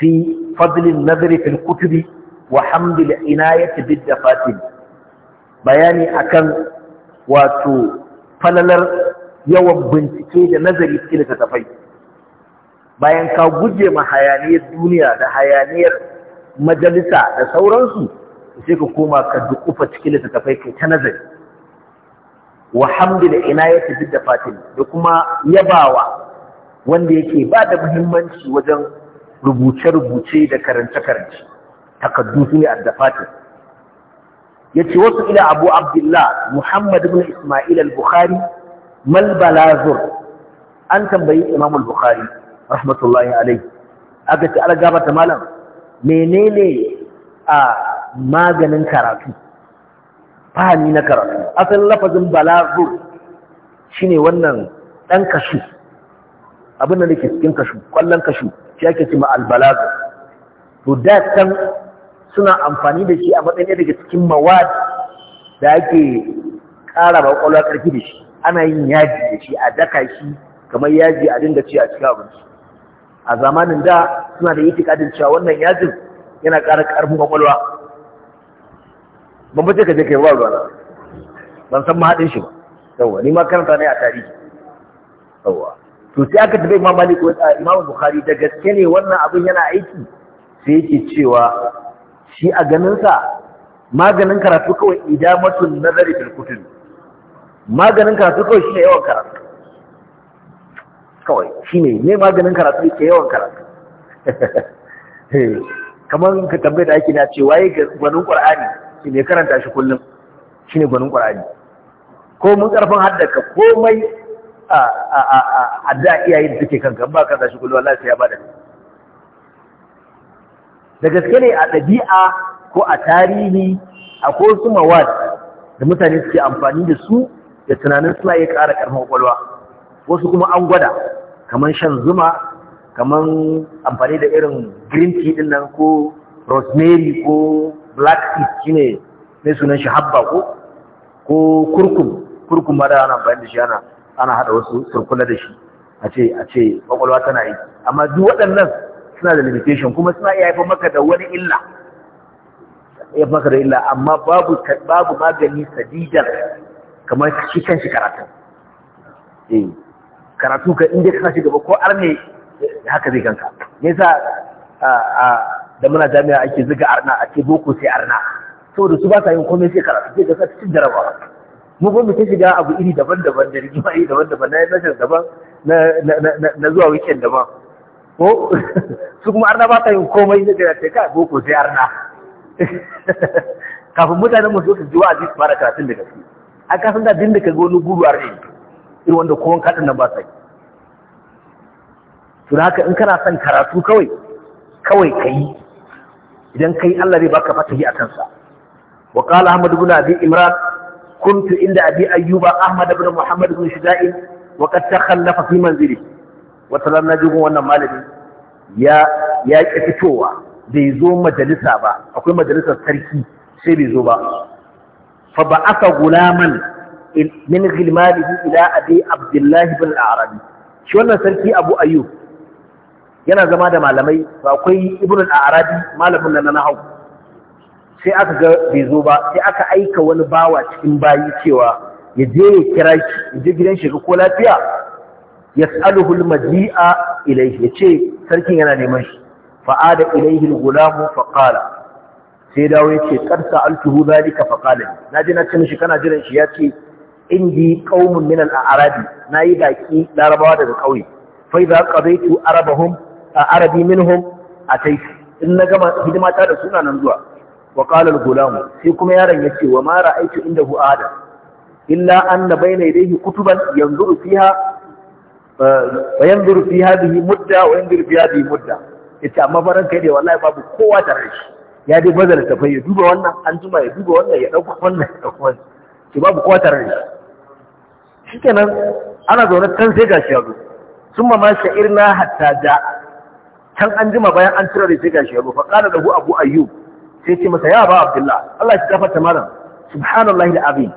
fi fadlin an-nadhr fi al-kutub wa hamd al-inayati bid bayani akan wato falalar yawan bincike da nazari cikin littattafai bayan ka guje ma hayaniyar duniya da hayaniyar majalisa da sauransu sai ka koma ka dukufa cikin littattafai kai ta nazari wa hamdu da ina ya tafi da fatin da kuma yabawa wanda yake ba da muhimmanci wajen rubuce-rubuce da karance-karance takardu su ne da fatin ya ce wasu ila abu abdullah muhammad ibn ismail al-bukhari mal balazur an tambayi imam al-bukhari rahmatullahi alaihi aka ce algaba ta malam menene a maganin karatu fahami na karatu asalin lafazin balagu shine wannan ɗan kashu abin da ke cikin kashu ƙwallon kashu shi ake cima albalagu to datan suna amfani da shi a matsayin daga cikin mawad da ake ƙara ba ƙwallon ƙarfi da shi ana yin yaji da shi a daka shi kamar yaji a dinga ci a cikin abinci a zamanin da suna da itikadin cewa wannan yajin yana ƙara ƙarfin ƙwaƙwalwa ban bace ka je kai ba ruwa ban san haɗin shi ba yawwa ni ma karanta ne a tarihi yawwa to sai aka tabbai imam malik ko imam bukhari da gaske ne wannan abin yana aiki sai yake cewa shi a ganin sa maganin karatu kawai idamatun nazari fil kutub maganin karatu kawai shine yawan karatu kawai shine ne maganin karatu ke yawan karatu kamar ka tambaye da ake na cewa waye gwanin qur'ani shi ne karanta shi kullum shi ne gwanin ƙwararri ko mun ƙarfin haddaka komai a da iyayen da suke kan ba karanta shi kullum Allah ya bada da gaske ne a ɗabi'a ko a tarihi a ko su mawad da mutane suke amfani da su da tunanin suna ya ƙara ƙarfin ƙwaƙwalwa wasu kuma an gwada kamar shan zuma kamar amfani da irin green tea ɗin nan ko rosemary ko black seed ne mai sunan shi haɓɓa ko kurkum kurkum ma da ana bayan da shi ana haɗa hada wasu turkula da shi a ce a ce ƙwaƙwalwa tana yi amma duk waɗannan suna da limitation kuma suna iya haifar maka da wani illa ya maka da illa amma babu babu magani sadidan kamar shi shi karatu eh karatu ka inda ka shi gaba ko arne haka zai kanka yasa a da muna jami'a ake zuga arna a ce boko sai arna saboda su ba sa yin komai sai karatu sai ga sa cikin jarabawa mu kuma ta shiga abu iri daban-daban da rigima iri daban-daban na nashin daban na zuwa weekend daban ko su kuma arna ba sa yin komai sai ga sai kai boko sai arna kafin mutanen mu su ji wa'azi su fara karatun da gaske a kasan da din da ka gonu guruwar ne irin wanda kowan kaɗan nan ba sa yi to haka in kana son karatu kawai kawai ka yi idan kai Allah zai baka fatahi a kansa wa qala ahmad ibn abi imran kuntu inda abi ayyuba ahmad ibn muhammad ibn shuda'in wa qad takhallafa fi manzili wa talanna jugun wannan malami ya ya ki fitowa bai zo majalisa ba akwai majalisar sarki sai bai zo ba fa ba'atha gulaman min ghilmanihi ila abi abdullah ibn al-arabi shi wannan sarki abu ayyub yana zama da malamai ba akwai ibn al-arabi malamin nan na hau. sai aka ga bai zo ba sai aka aika wani bawa cikin bayi cewa ya je ya kira shi ya je gidan shi ko lafiya yas'aluhu al-maji'a ilayhi yace sarkin yana neman shi fa'ada ilayhi al-gulam fa qala sai dawo yace qad sa'altuhu zalika fa qala naji na ce mishi kana jiran shi yace indi qaumun min al-arabi nayi baki larabawa daga kauye fa idza qadaytu arabahum arabi minhum ataitu in na gama hidima ta da suna nan zuwa wa qala al-gulam sai kuma yaron yace wa ma ra'aytu indahu ada illa anna bayna yadayhi kutuban yanzuru fiha wa yanzuru fi hadhihi mudda wa yanzuru fi hadhihi mudda yace amma faran kai dai wallahi babu kowa tare rashi. ya dai bazara ta ya duba wannan an juma ya duba wannan ya dauka wannan ya dauka wannan ki babu kowa tare shi shikenan ana zaune kan sai gashi yazo summa ma sha'irna hatta ja'a can an jima bayan an cire da sai gashi ya rufa kana da hu abu ayyub sai ce masa ya ba abdullah Allah ya gafarta malam subhanallahi alazim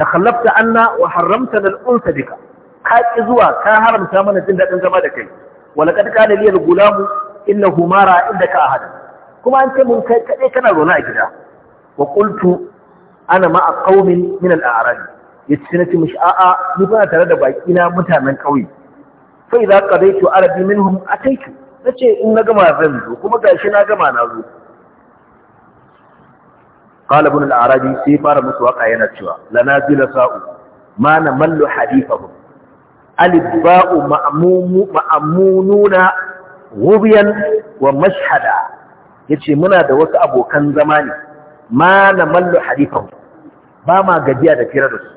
takhallafta anna wa haramta al-unsa bika ka ki zuwa ka haramta mana jin dadin zama da kai wala kad kana li al-gulam innahu mara indaka ahad kuma an ce mun kai kade kana rona a gida wa qultu ana ma'a qaumin min al-a'rab yace nace mishi ni ba tare da baki na mutanen kauye fa idza qadaytu arabi minhum ataitu na ce in na gama zan zo kuma gashi na gama na zo qala ibn sai fara musu waka yana cewa lana zila sa'u ma na mallu hadifahum alibba'u ma'amununa wubiyan wa mashhada yace muna da wasu abokan zama ne ma na mallu hadifahum ba ma gajiya da firar su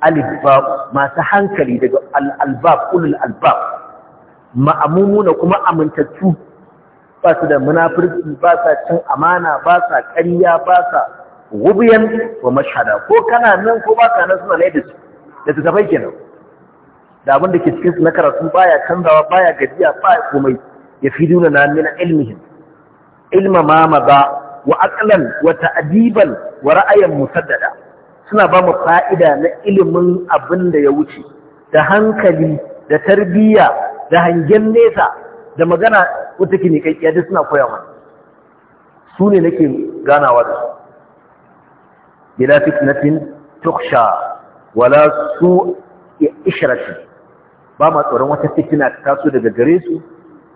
alibba'u masu hankali daga alalbab albab ulul albab na kuma amintattu ba su da munafurci ba sa cin amana ba sa ƙarya ba sa gubiyan wa mashada ko kana nan ko ba ka nan suna Da su da tafai kenan da abin da ke cikin su na karatu baya canzawa baya gajiya ba komai ya fi duna na mina ilmihin ilma ma ba, wa aqlan wa ta'diban wa ra'ayan musaddada suna ba mu fa'ida na ilimin abin da ya wuce da hankali da tarbiyya da hangen nesa da magana wata ke kai suna koyawa su ne nake ganawa da su bila fitnatin tuksha wala su ishirashi ba ma tsoron wata fitina ta taso daga gare su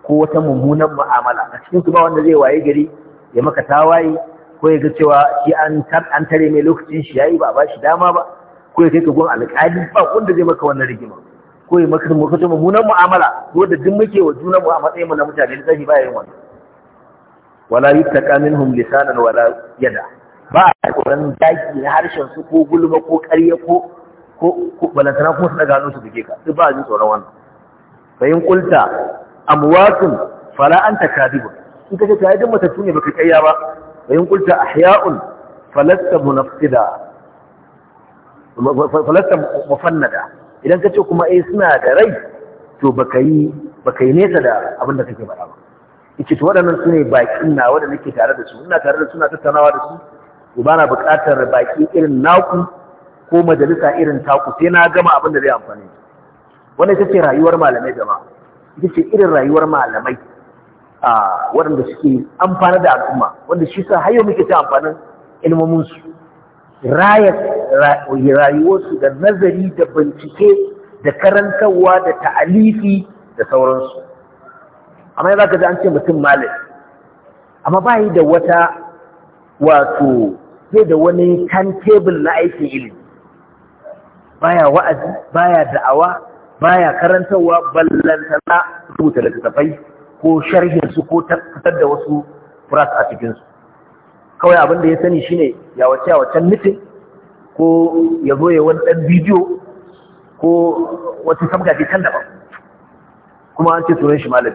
ko wata mummunan ma'amala. a cikin su ba wanda zai waye gari ya maka tawaye ko ya ga cewa shi an tare mai lokacin shi yi ba ba shi dama ba ko ya kai ka gun alƙali ba wanda zai maka wannan rigima ko ya maka makato mummunan mu'amala ko da duk muke wa junan mu a matsayin mu na mutane da sai ba yayin wani. wala yuttaqa minhum lisanan wala yada ba a koran daki na harshen su ko gulma ko ƙarya ko ko ko balantana ko su daga hannun su dake ka duk ba a ji tsoron wannan bayin kulta amwatun fala anta kadibun in kace ta idan matattu ne baka kayya ba bayin kulta ahya'un falasta munafsida falasta mufannada idan ka ce kuma eh suna da rai to baka yi baka yi nesa da abin da kake faɗa ba yace to waɗannan su ne baƙin na waɗanda nake tare da su ina tare da su na tattaunawa da su to ba na buƙatar baƙi irin naku ko majalisa irin taku sai na gama abin da zai amfani wannan ita ce rayuwar malamai jama'a ita ce irin rayuwar malamai a waɗanda suke amfana da al'umma wanda shi sa har yau muke ta amfanin ilmominsu rayuwarsu da nazari da bincike da karantarwa da ta'alifi da sauransu amma za ka ji an ce mutum malam amma ba yi da wata wato zai da wani timetable na aikin ilimi baya wa'azi baya da'awa baya karantarwa ballantana rubuta littattafai ko sharhinsu ko tattar da wasu furas a cikinsu kawai abin da ya sani shine ya wace a wacan mitin ko ya zo ya wani ɗan bidiyo ko wata sabga ce can daban kuma an ce sunan shi malami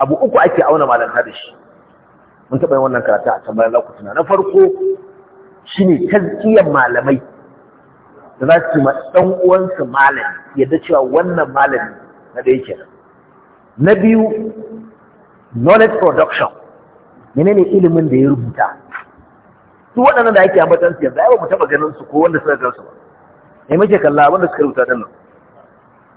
abu uku ake auna malanta da shi mun taɓa yin wannan karatu a can bayan lokacin na farko shi ne tazkiyar malamai da za su ma ɗan uwansu malami yadda cewa wannan malami na da yake na biyu knowledge production menene ilimin da ya rubuta duk waɗannan da ake a matan yanzu da ba mu taɓa ganin su ko wanda suka ga su ba ne muke kalla wanda suka rubuta nan.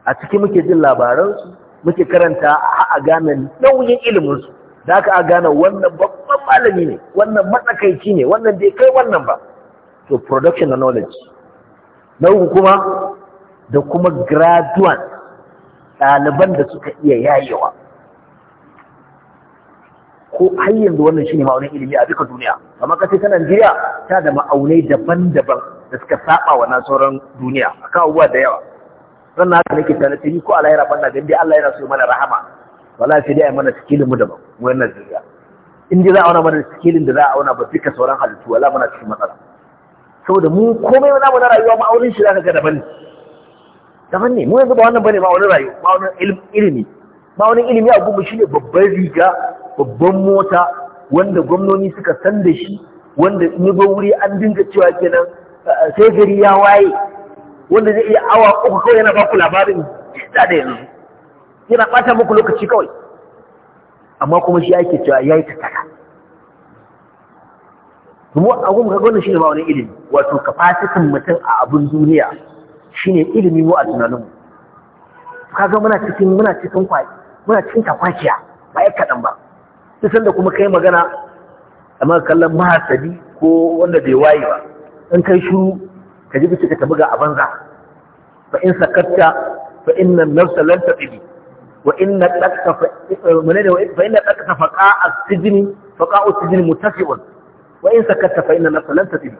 a ciki muke jin labaransu muke karanta a gane nauyin iliminsu da aka gane wannan babban malami ne wannan matsakaici ne wannan bai kai wannan ba to production na knowledge na uku kuma da kuma graduate ɗaliban da suka iya yayewa ko har yanzu wannan shine ma'aunin ilimi a duka duniya amma kasai ta Najeriya ta da ma'aunai daban-daban da suka saba wa na sauran duniya kawo abubuwa da yawa Zan haka nake tana tuni ko Allah ya rafa na gandi Allah yana so mana rahama wala sai dai mana skillin mu daban mu wannan Najeriya in dai za a auna mana skillin da za a auna ba duka sauran halittu wala muna cikin matsala saboda mu komai na mu na rayuwa ma'aunin shi zaka ga daban daban ne mu yanzu ba wannan bane ma'aunin rayuwa ma'aunin ilimi ma'aunin ilimi a gumu shine babban riga babban mota wanda gwamnoni suka san da shi wanda ni ba wuri an dinga cewa kenan eh, sai gari ya waye wanda zai iya awa uku kawai yana baku labarin da da yanzu yana bata muku lokaci kawai amma kuma shi ake cewa yayi takara kuma a gumu kaga wannan shine ba wani ilimi wato kafasitin mutum a abun duniya shine ilimi mu a tunaninmu kaga muna cikin muna cikin kwai muna cikin takwakiya ba ya kaɗan ba ta sanda kuma kai magana amma kallon mahasadi ko wanda bai waye ba in kai shiru ka ji bici ka tabi ga za fa in sakatta fa inna nafsa lan taqibi wa inna taqta fa manene fa inna taqta fa qa'a sijni fa qa'a sijni mutasibun wa in sakatta fa inna nafsa lan taqibi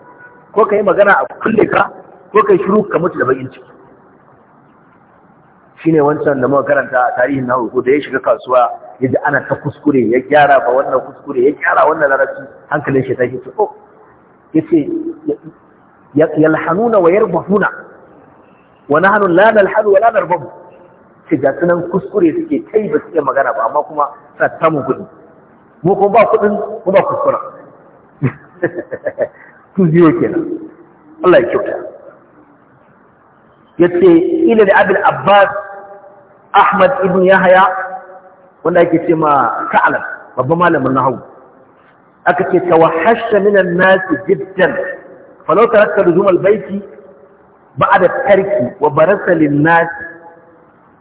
ko kai magana a kulle ka ko kai shiru ka mutu da bakin ciki shine wancan da muka karanta tarihin nawo ko da ya shiga kasuwa ya ji ana ta kuskure ya gyara ba wannan kuskure ya gyara wannan larabci hankalin shi take oh. ce oh yace yalhanuna wa yarbahuna wa nahnu la nalhanu wa la narbahu ce ga sunan kuskure suke kai ba suke magana ba amma kuma sa samun kuɗi mu kuma ba kuɗin mu ba kuskura tu ziyo kenan Allah ya kyauta yace ila da abin Abbas Ahmad ibn Yahya wanda ake ce ma ka'alab babban malamin nahawu aka ce tawahhasha minan nas jiddan falau tarakta luzum albayti ba'da tarki wa barasa lin nas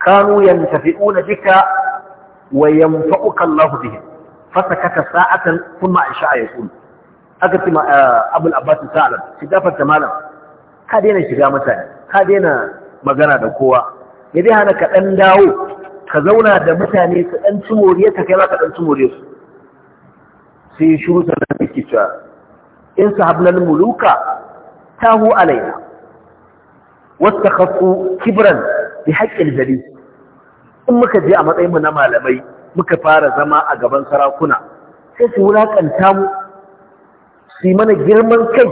kanu yantafi'una bika wa yanfa'uka Allah bihi fasakata sa'atan kuma Aisha yaqul aka ce ma Abu al-Abbas sa'alab shi gafarta malam ka daina shiga mutane ka daina magana da kowa ya dai hana ka dan dawo ka zauna da mutane su ɗan ci moriyar ka kai ma ɗan ci moriyar su sai ya shuru sannan da ke cewa in sahabnal muluka hu alaina wata kafu kibran bi haƙƙin jari in muka je a matsayin mu na malamai muka fara zama a gaban sarakuna sai su wulaƙanta mu su yi mana girman kai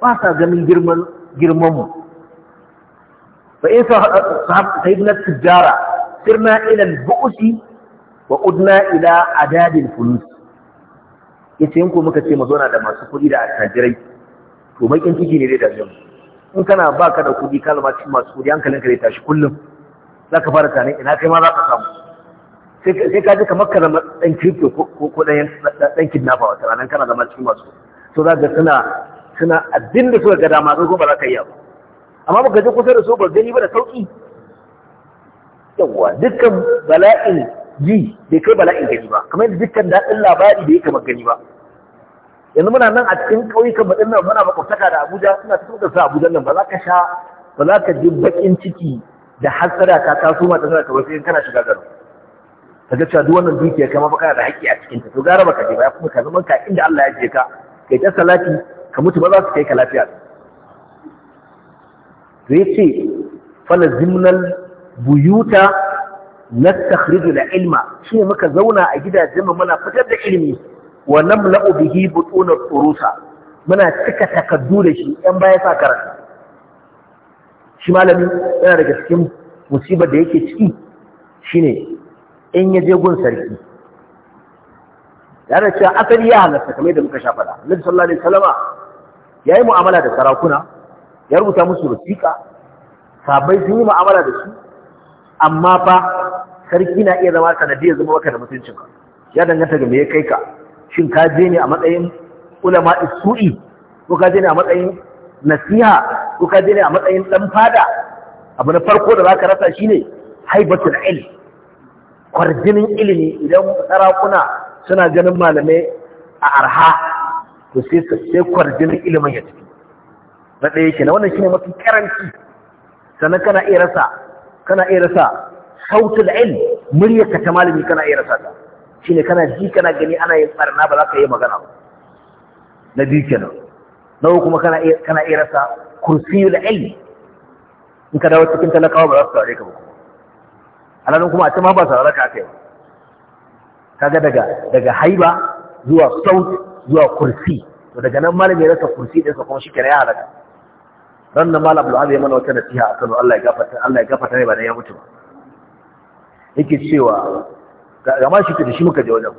ba sa ganin girman girman mu tijjara sirna ila al-bu'si wa udna ila adadil fulus yace in ko muka ce mu na da masu kuɗi da attajirai to bakin ciki ne dai da mu in kana baka da kuɗi kalma cikin masu kuɗi hankalinka zai tashi kullum zaka fara tare ina kai ma zaka samu sai ka ji kamar ka zama ɗan crypto ko ɗan kidnapper wata ranar kana zama cikin masu so za ga suna suna abin da suka ga dama zai ba za ka yi ba amma baka je kusa da su ba gani ba da sauƙi yawwa dukkan bala'in yi bai kai bala'in gani ba kamar yadda dukkan daɗin labari bai kamar gani ba yanzu muna nan a cikin ƙauyukan baɗin nan muna makwabtaka da abuja suna cikin da sa abuja nan ba za ka sha ba za ka ji baƙin ciki da hasara ka taso ma tana ka wasu kana shiga garo ka ga cewa duk wannan dukiya kai ma kana da haƙƙi a cikin ta to gara baka je ba ya kuma ka zama ka inda Allah ya je ka kai ta salati ka mutu ba za su kai ka lafiya to yace falazimnal buyuta takhridu da ilma shi muka zauna a gidajen mu muna fitar da ilimi wa namla'u bihi butun urusa muna cika takaddu da shi yan baya sa karanta shi malami yana daga cikin musibar da yake ciki shine in ya je gun sarki yana cewa asali ya halatta kamar da muka shafa da Nabi sallallahu alaihi wasallama yayi mu'amala da sarakuna ya rubuta musu wasiƙa sabai sun yi mu'amala da su amma fa sarki na iya zama sanadiyar zama maka da ka ya danganta ga me ya kai ka shin ka je ne a matsayin ulama isu'i ko ka je ne a matsayin nasiha ko ka je ne a matsayin dan fada abu na farko da zaka rasa shine haibatul ilm kwarjinin ilimi idan sarakuna suna ganin malamai a arha to sai sai kwarjinin ilimin ya tafi na ɗaya na wannan shine mafi karanci sannan kana iya rasa kana iya rasa sautul ilm muryarka ta malami kana iya rasa ta shine kana ji kana gani ana yin barna ba za ka yi magana ba na biyu kenan na uku kuma kana iya kana iya rasa kursiyul ilm in ka dawo cikin talakawa ba za su saurare ka ba kuma alalan kuma a ta ma ba saurare ka aka yi kaga daga daga haiba zuwa saut zuwa kursi to daga nan malami ya rasa kursi ɗinsa kuma shi kenan ya halaka ran da malam Abdul ya mana wata nasiha a Kano Allah ya gafarta Allah ya gafarta ne ba da ya mutu ba yake cewa ga shi ke shi muka je wajen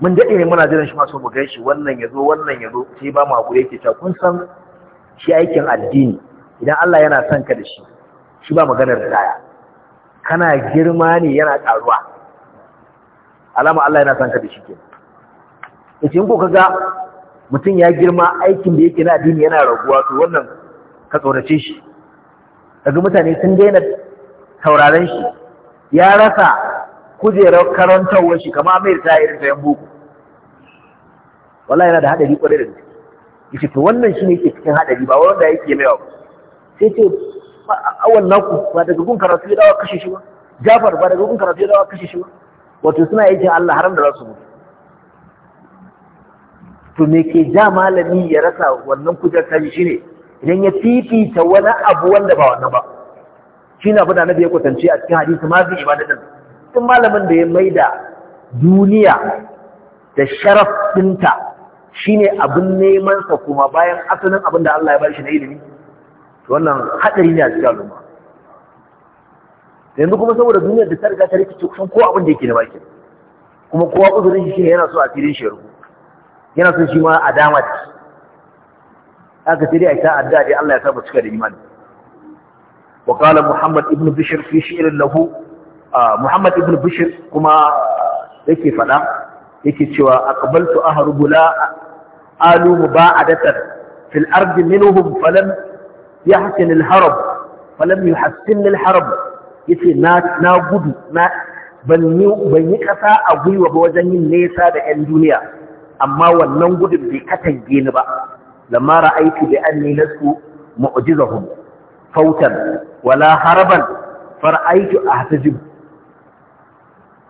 mun daɗe ne muna jiran shi ma so mu gan shi wannan ya zo wannan ya zo sai ba mu hakuri yake cewa kun san shi aikin addini idan Allah yana son ka da shi shi ba maganar daya kana girma ne yana karuwa alama Allah yana son ka da shi ke yace in ko kaga mutum ya girma aikin da yake na addini yana raguwa to wannan ka tsorace shi daga mutane sun daina sauraren shi ya rasa kujerar karantarwar shi kama mai ta irin yan buku Wala yana da haɗari kwarai da ce to wannan ne ke cikin haɗari ba wanda yake mai ba sai ce awon naku ba daga gun karatu ya dawo kashe shi ba Jafar ba daga gun karatu ya dawo kashe shi ba wato suna cin Allah haram da za su mutu to me ke ja malami ya rasa wannan kujerar ta shi ne idan ya ta wani abu wanda ba wannan ba shi na bada na ya kwatance a cikin hadisi ma zai ibadatin sun malamin da ya mai da duniya da sharaf ɗinta shine abin neman sa kuma bayan asalin abin da Allah ya bari shi na ilimi wannan haɗari ne a cikin al'umma yanzu kuma saboda duniya da ta riga ta rikice kusan ko abin da yake da baki kuma kowa uzurin shi yana so a filin shi yana so shi ma a dama da shi. haka sai dai a ta addu'a dai Allah ya sa mu cika da imani wa qala muhammad ibn bishr fi shi'rin lahu muhammad ibn bishr kuma yake fada yake cewa aqbaltu ahrubu la alu muba'adatan fil ardi minhum falam yahsin al harab falam yuhassin al harab yace na na gudu na ban yi ban yi kasa a gwiwa ba wajen yin nesa da 'yan duniya amma wannan gudun bai katange ni ba lamma ra'aytu bi anni lastu mu'jizahum fautan wala haraban far'aytu ahtajib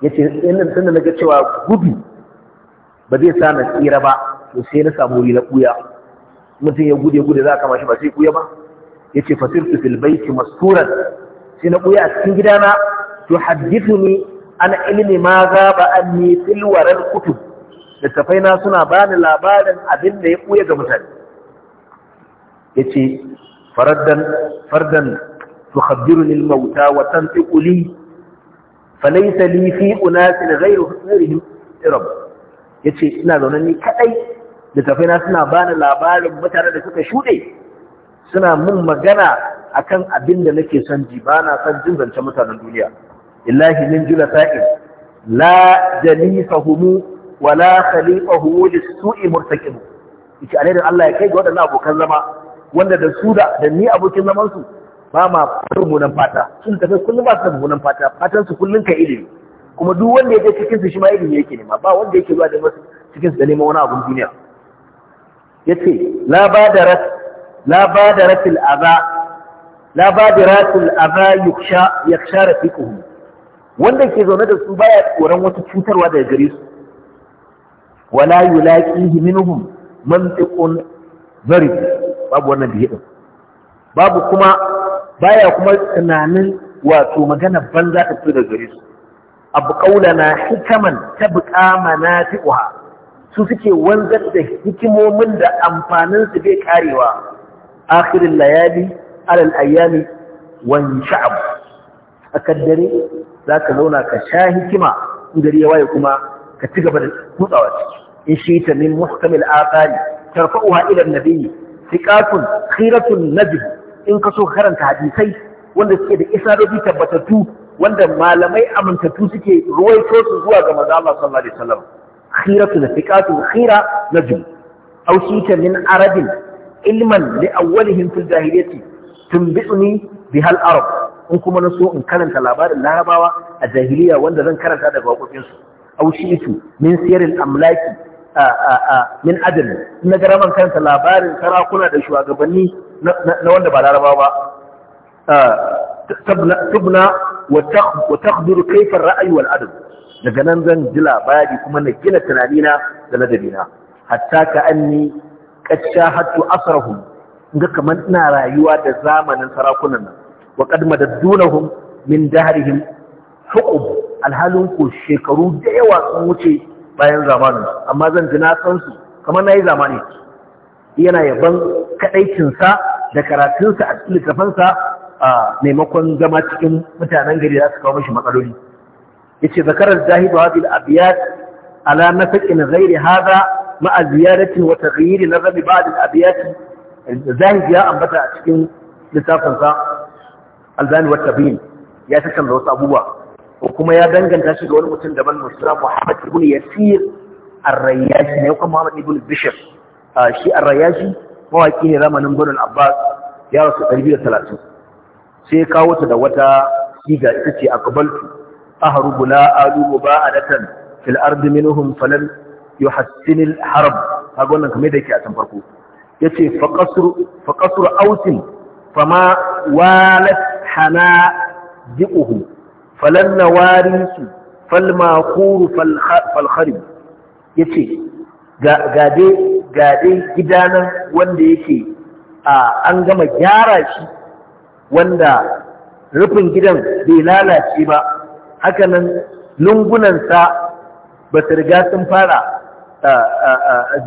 yace na tunda naga cewa gudu ba zai sa na tsira ba to sai na samu wuri na kuya mutum ya gude gude za ka mashi ba sai kuya ba yace fasirtu fil baiti masturan sai na kuya a cikin gidana tuhaddithuni an ilmi ma gaba anni fil waral kutub littafai na suna bani labarin abinda ya kuya ga mutane yace ce, fardan tukhabbiruni al-mauta wa tantiqu li falaysa li fi unasin ghayru ghayrihim irab yace ina zaune ni kadai littafaina suna bani labarin mutane da suka shuɗe suna mun magana akan abin da nake son ji ba na son jin zance mutanen duniya illahi min jula sa'in la jalisahumu wa la khalifahu lis su'i murtaqib yace alai da Allah ya kai ga wadannan abokan zama wanda da su da ni abokin zaman su ba ma rubunan fata sun tafi kullum ba su rubunan fata fatan su kullum ka ilimi kuma duk wanda ya je cikin su shi ma ilimi yake nema ba wanda yake zuwa da masu cikin su da neman wani abun duniya yace la badarat la badarat al adha la badarat al adha yukhsha yakhsha rafiquhum wanda ke zaune da su baya tsoron wata cutarwa daga gare su wala yulaqihi minhum mantiqun zarib babu wannan biye ɗin? babu kuma baya kuma tunanin wato magana banza ta fi da gare su abu kaulana hikaman ta buƙa manafi'uha su suke wanzar da hikimomin da amfanin su bai karewa akhirin layali alal ayyami wan sha'ab a kaddare za ka zauna ka sha hikima in ya waye kuma ka ci gaba da kutsawa ciki in shi ta min muhkamil aqali tarfa'uha ila an-nabi thiqatun khiratun najm in ka so karanta hadisai wanda suke da isnadodi tabbatattu wanda malamai amintattu suke ruwaito su zuwa ga maza Allah sallallahu alaihi wasallam khiratun thiqatun khira najm aw sita min arabin ilman li awwalihim fil jahiliyyati tunbi'uni bihal arab in kuma na so in karanta labarin larabawa a jahiliya wanda zan karanta daga waƙoƙinsu aw shi'tu min siyaril amlaki min adal na garaman kanta labarin sarakuna da shugabanni na wanda ba laraba ba tubna wa takhbiru ra'ayi, ar wal daga nan zan ji labari kuma na gina tunanina da ladabina hatta ka anni qacca hatta asrahum ga kaman ina rayuwa da zamanin sarakunan nan wa qad madaddunahum min dahrihim Hukum, alhalun ku shekaru da yawa sun wuce bayan zamanin amma zan ji na san su kamar na yi zamani yana yaban kaɗaicinsa da karatunsa a cikin littafansa a maimakon zama cikin mutanen gari da su kawo mashi matsaloli yace zakarar zahibu a abiyat ala nasaqin ghairi hadha ma'a ziyaratin wa taghyir nazami ba'd al-abiyat zahid ya ambata a cikin littafinsa al-zani wa tabyin ya tattauna wasu abubuwa kuma ya danganta shi ga wani mutum daban musra Muhammad ibn Yasir Ar-Rayyashi ne kuma Muhammad ibn Bishr ah, shi Ar-Rayyashi mawaki ne zamanin Bani Abbas ya rasu 230 sai kawo ta da wata siga ita ce aqbaltu ahrubu la alu muba'adatan fil ardi minhum falam yuhassin al-harb ga wannan kamar da yake a can farko yace fa qasru fa ausin fama walat hana diquhu falan na warisu falmakuru falhari ya ce gade gidanan wanda yake an gama gyara shi wanda rufin gidan bai lalace ba hakanan lungunansa ba riga sun fara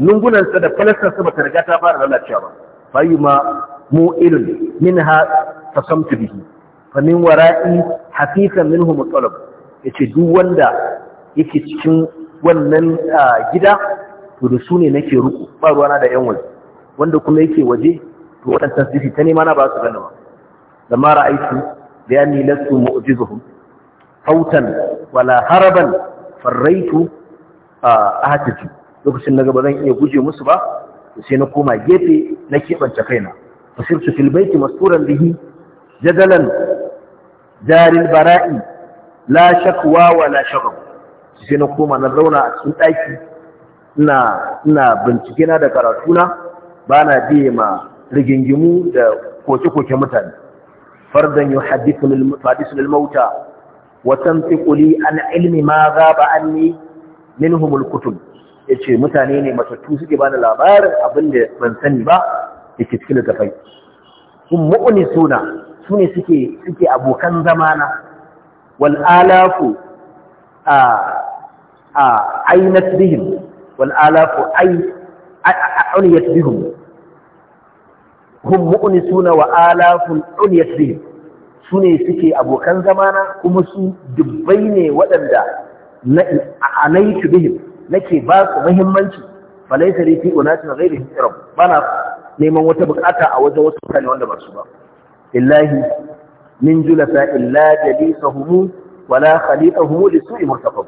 lungunansa da falastarsa ba ta riga ta fara lalacewa ba bayu ma mu irin min ha fasamtu bihi famin wara'i hafifan minhu mutsalab yace duk wanda yake cikin wannan gida to da su ne nake ruku ba na da yan waje wanda kuma yake waje to waɗannan sisi ta nema na ba su gani da mara aiki da ya nilasu mu'jizuhum fautan wala haraban farraitu a hataji lokacin na ba zan iya guje musu ba sai na koma gefe na keɓance kaina fasirtu fil baiti masturan bihi jadalan Jarin bara'i la shakwa wa la shagab sai na koma na zauna a cikin ɗaki ina ina bincike na da karatuna ba na biye ma rigingimu da koke-koke mutane fardan yuhaddithul fadisul mauta wa tanfiqu an ilmi ma ghaba anni minhum al yace mutane ne matattu suke bani labarin abinda ban sani ba ke cikin littafai kun mu'uni suna su ne suke abokan zamana wal alafu a ainat bihim wal alafu uniyat bihim hum mu'nisuna wa alafun uniyat bihim su ne suke abokan zamana kuma su dubbai ne waɗanda anaitu bihim nake ba su muhimmanci falaisa rifi da ghairihim ba bana neman wata bukata a wajen wasu mutane wanda ba su ba lillahi min julasa illa jalisahum wala khalifahum li su'i murtaqab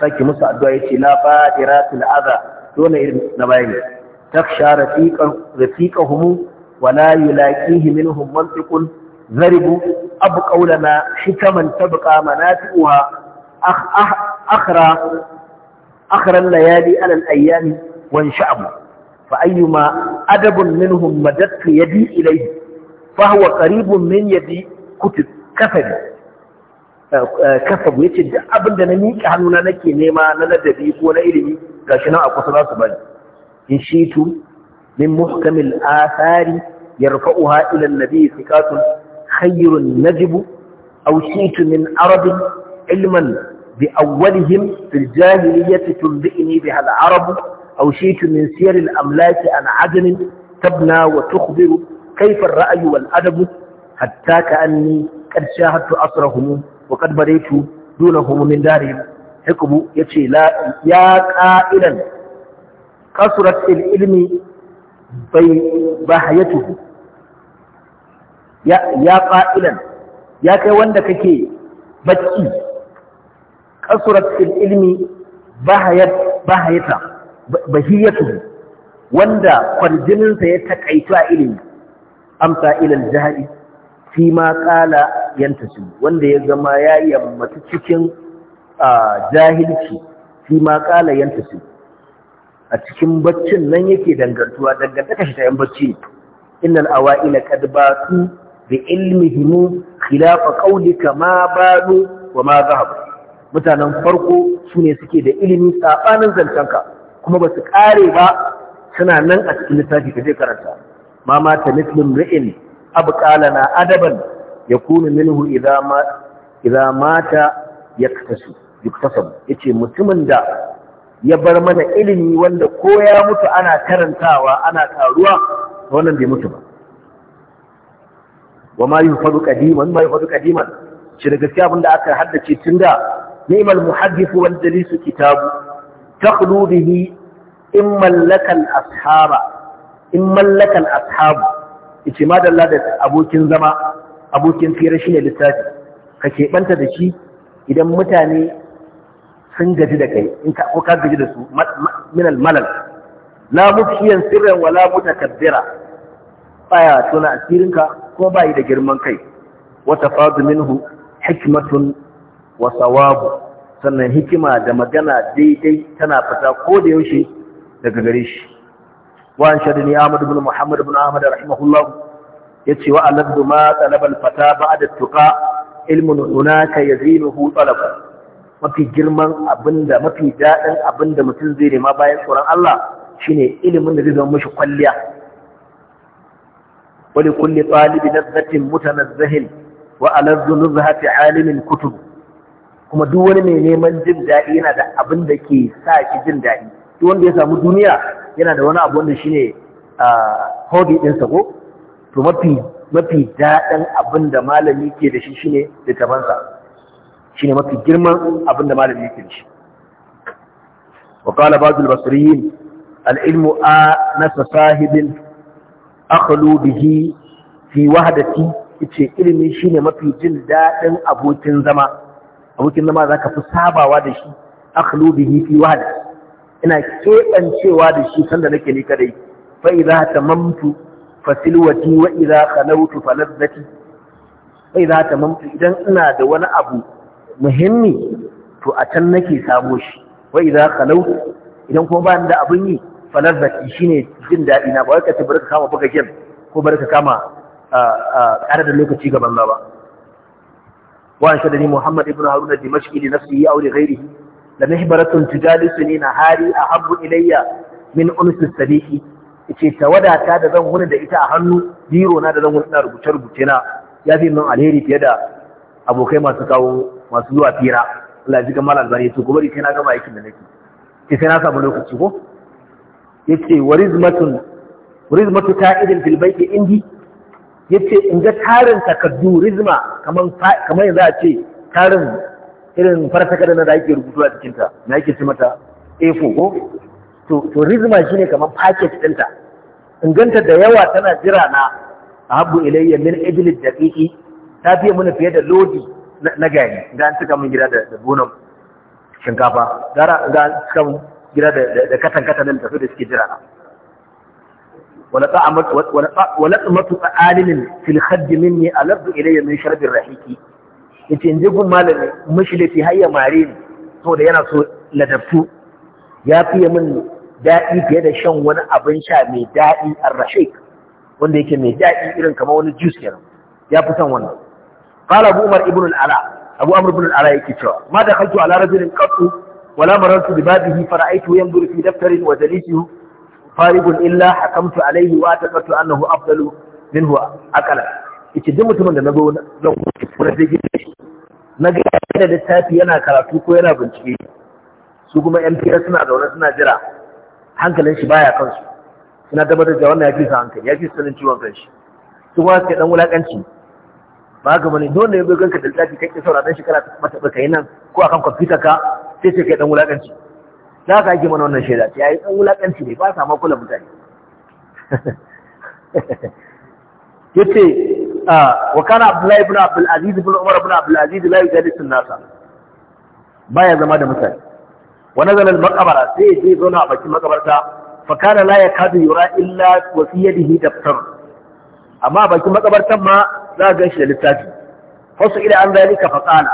saki musu addu'a yace la badiratil adha dole irin na bayani taksha rafiqan rafiqahum wala yulaqihi minhum mantiqun zaribu abu qaulana ta tabqa manafi'uha akhra akhra al-layali ala al-ayyam wa sha'bu fa ayyuma adabun minhum madattu yadi ilaihi. فهو قريب من يدي كتب كفني kafabu ya ce duk abin da na miƙe hannuna nake nema na ladabi ko na ilimi ga shi nan a kusa za su bani in shitu min muhkamil athari yarfa'uha ila an-nabi thiqatun khayrun najib aw shitu min arab ilman bi awwalihim fil jahiliyyati tunbi'ni biha al-arab aw shitu min siyar al-amlaki an adn tabna wa tukhbiru كيف الرأي والأدب حتى كأني قد شاهدت أسرهم وقد بريت دونهم من دارهم حكم يتشي لا يا قائلا قصرت العلم بحيته يا يا قائلا يا كي وند كيكي بكي قصرت العلم بحيت بحيته bahiyatu wanda kwarjininsa ya takaitu a ilimi amsa ilal jahadi fi ma qala yantasu wanda ya zama ya yammatu cikin jahilci fi ma qala yantasu a cikin baccin nan yake dangantuwa dangantaka shi ta yan bacci innal awa'ila kad da bi ilmihim khilafa qawlika ma balu wa ma zahab mutanen farko sune suke da ilimi tsabanin zancanka kuma ba su kare ba suna nan a cikin littafi ka zai karanta ma mata mislin ri'in abqalana adaban yakunu minhu idza ma idza mata yaktasu yuktasabu yace mutumin da ya bar mana ilimi wanda ko ya mutu ana karantawa ana karuwa wannan bai mutu ba wa ma yufadu qadiman ma yufadu qadiman shi da gaskiya abinda aka haddace tun da ni'mal muhaddith wal dalisu kitabu takhlu bihi in mallaka al in mallakan ashabu ice ma da abokin zama abokin fira shi ne littafi ka keɓanta da shi idan mutane sun gaji da kai in ka ko ka gaji da su minal malal la mukhiyan sirran wala mutakabbira baya asirin ka, ko bai da girman kai wa tafadu minhu hikmatun wa sawabu sannan hikima da magana daidai tana fita ko da yaushe daga gare shi وأنشدني أحمد بن محمد بن أحمد رحمه الله ba وألد ما طلب الفتى بعد التقاء علم هناك يزينه طلب mafi girman abinda mafi daɗin abinda mutum zai nema bayan tsoron Allah shine ilimin da zai zama mashi kwalliya wani kulli ɗalibi mutanen mutanazzahin wa alazzu nuzhati alimin kutub kuma duk wani mai neman jin daɗi yana da abin da ke sa shi jin daɗi duk wanda ya samu duniya yana da wani abu wanda ne hobby din ko to mafi daɗin abin da malami ke da shi shine littafansa ne mafi girman abin da malami ke da shi wa qala ba'd al-basriyin al a nasa sahibin bihi fi wahdati ce ilimi ne mafi jin daɗin abokin zama abokin zama zaka fi sabawa da shi akhlu bihi fi wahdati ina keɓancewa da shi sanda nake ni kadai fa idza tamamtu silwati wa idza khalawtu ladzati fa idza tamamtu idan ina da wani abu muhimmi to a can nake samo shi wa idza khalawtu idan kuma ba da abun yi ladzati shine jin dadi na ba wai ka ci barka kama buga gem ko barka kama ƙara da lokaci gaban ba wa shadani muhammad ibn haruna dimashqi li nafsihi aw li ghayrihi la mihbaratun hari a ahabbu ilayya min unsi sadiqi ce ta wadata da zan wuni da ita a hannu biro na da zan wuni da rubuce rubuce na ya fi min alheri fiye da abokai masu kawo masu zuwa fira Allah ji kamar albani to gobe sai na gama aikin da nake ce sai na samu lokaci ko yace warizmatun warizmatu ta'idin fil baiti indi yace in ga tarin takaddu rizma kaman kaman yanzu a ce tarin irin farfakar na da ake rubutu a cikinta na ake ci mata A4 ko to rizma shine kamar paket ɗinta inganta da yawa tana jira na a ahabbu ilayya min ajli daqiqi ta fiye mana fiye da lodi na gari da an cika mun gida da gonan shinkafa gara ga an cika mun gida da katan katan da da suke jira na wala ta'amat wala wala tamatu alimin fil khadd minni alabdu ilayya min sharbi rahiqi yace in je gun malami mishi laifi ya mare ni saboda yana so ladabtu ya fiye min daɗi fiye da shan wani abin sha mai daɗi arrashik wanda yake mai daɗi irin kamar wani juice kenan ya fi son wannan qala abu umar ibn al-ala abu amr ibn al-ala yake cewa ma da khaltu ala rajulin qattu wala marartu bi babihi yanzuru fi daftarin wa jalisuhu faribun illa hakamtu alayhi wa ataqatu annahu afdalu minhu aqala yace duk mutumin da na zan kuma zai gina shi na ga da littafi yana karatu ko yana bincike su kuma MPS suna zaune suna jira hankalin shi baya kansu suna tabbatar da wannan ya fi sa hankali ya fi sanin ciwon kanshi su kuma suke dan wulakanci ba ga bane dole ne bai ganka da littafi kake saura dan shekara ta mata baka yi nan ko akan kwamfuta ka sai sai kai dan wulakanci za ka ake mana wannan shaida ya yi dan wulakanci ne ba sa ma kula mutane yace وكان Abdullahi الله بن عبد العزيز بن عمر بن عبد العزيز لا يجالس الناس baya zama da mutane wani zanen makabara sai ya je zauna a bakin makabarta fakana la ya kadu yura illa wasiyadihi daftar amma a bakin makabartan ma za a ganshi da littafi fasu ila an zalika faqala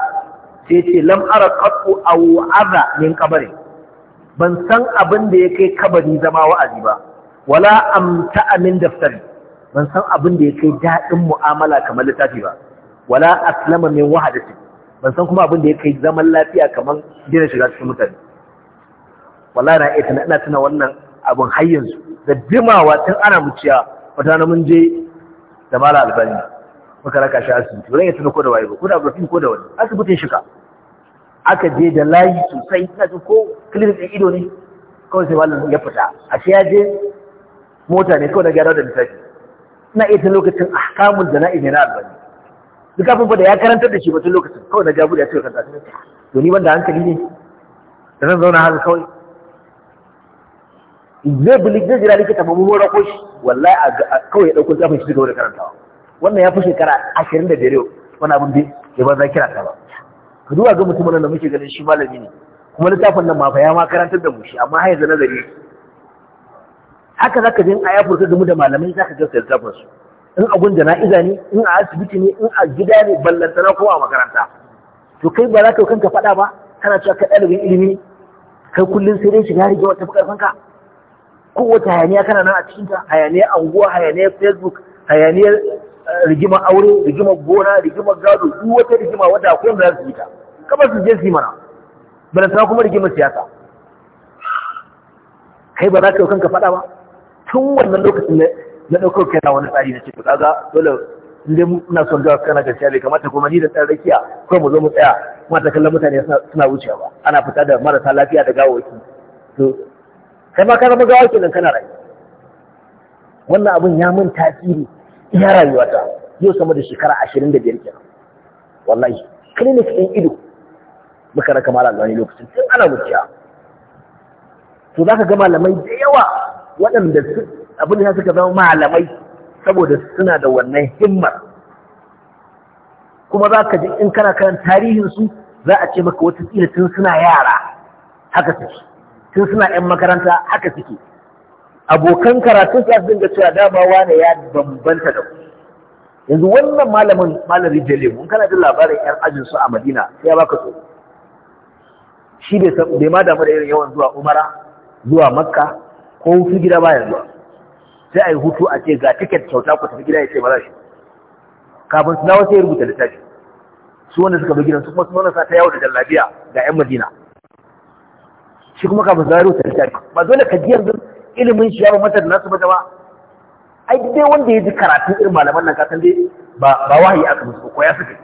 sai ce lam ara qatu aw adha min qabri ban san abin da ya kai kabari zama wa'azi ba wala amta amin daftari ban san abin da ya kai daɗin mu'amala kamar littafi ba wala aslama min wahadati ban san kuma abin da ya kai zaman lafiya kamar dina shiga cikin mutane wallahi na iya ina tuna wannan abin har yanzu da jimawa tun ana muciya wata na mun je da mala albani muka raka shi asibiti ba zan iya tuna ko da waye ba ko da abrafin ko da wani asibitin shiga. aka je da layi sosai ina jin ko clinic ɗin ido ne kawai sai malam ya fita a ya je mota ne kawai na gyara da littafi. ina iya ta lokacin ahkamul jana'i ne na albani duk kafin fa da ya karantar da shi ba tun lokacin kawai na jabu da ya ce kanta ta to ni banda hankali ne da zan zauna haka kawai zai buli zai jira likita ba mu mora koshi? shi wallahi kawai ya dauko tsafin shi daga wurin karantawa wannan ya fi shekara ashirin da biyar wani abin bai ya ba za kira ta ba ka duba ga mutum nan da muke ganin shi malami ne kuma littafin nan ma fa ya ma karantar da mu shi amma har yanzu nazari haka za ka zai a yafur ka mu da malamai zaka ga littafin su in abun da na'iza ne in a asibiti ne in a gida ne ballanta na a makaranta to kai ba za ka kanka faɗa ba kana cewa ka ɗalibin ilimi kai kullum sai dai shiga rige wata karfin ka kowace hayaniya kana nan a cikin ta hayaniyar anguwa hayaniyar facebook hayaniyar eh, rigima aure rigima gona rigima gado duk wata rigima wata akwai wanda za su yi ta kamar su je su yi mana balantana kuma rigima siyasa kai ba za ka kanka faɗa ba tun wannan lokacin na ɗaukar kai na wani tsari na cikin kaga dole inda muna son zuwa kana gaskiya bai kamata kuma ni da ɗan rakiya kawai mu zo mu tsaya kuma ta kallon mutane suna wucewa ba ana fita da marasa lafiya da gawawaki to kai ma ka zama kenan kana rayu wannan abun ya mun tasiri ya ta yau sama da shekara ashirin da biyar kenan wallahi clinic ɗin ido muka raka malam wani lokacin tun ana to za ka ga malamai da yawa waɗanda abin da suka zama malamai saboda suna da wannan himmar kuma za ka ji in kana karan tarihinsu za a ce maka wata tsira tun suna yara haka suke tun suna 'yan makaranta haka suke abokan karatun su dinga cewa dama wane ya bambanta da ku yanzu wannan malamin malamin mun kana jin labarin yan ajin su a madina sai ya baka so shi bai ma damu da irin yawan zuwa umara zuwa makka ko hutu gida ba yanzu sai a yi hutu a ce ga tiket kyauta ku tafi gida ya ce ba za shi kafin su dawo sai ya rubuta littafi su wanda suka bi gidan su kuma su nuna sa ta yawo da jallabiya ga yan madina shi kuma kafin su dawo ya rubuta littafi ba dole ka ji yanzu ilimin shi ya ba mata da nasu ba ba ai dai wanda ya ji karatu irin malaman nan san dai ba ba wahayi aka musu ko ya suka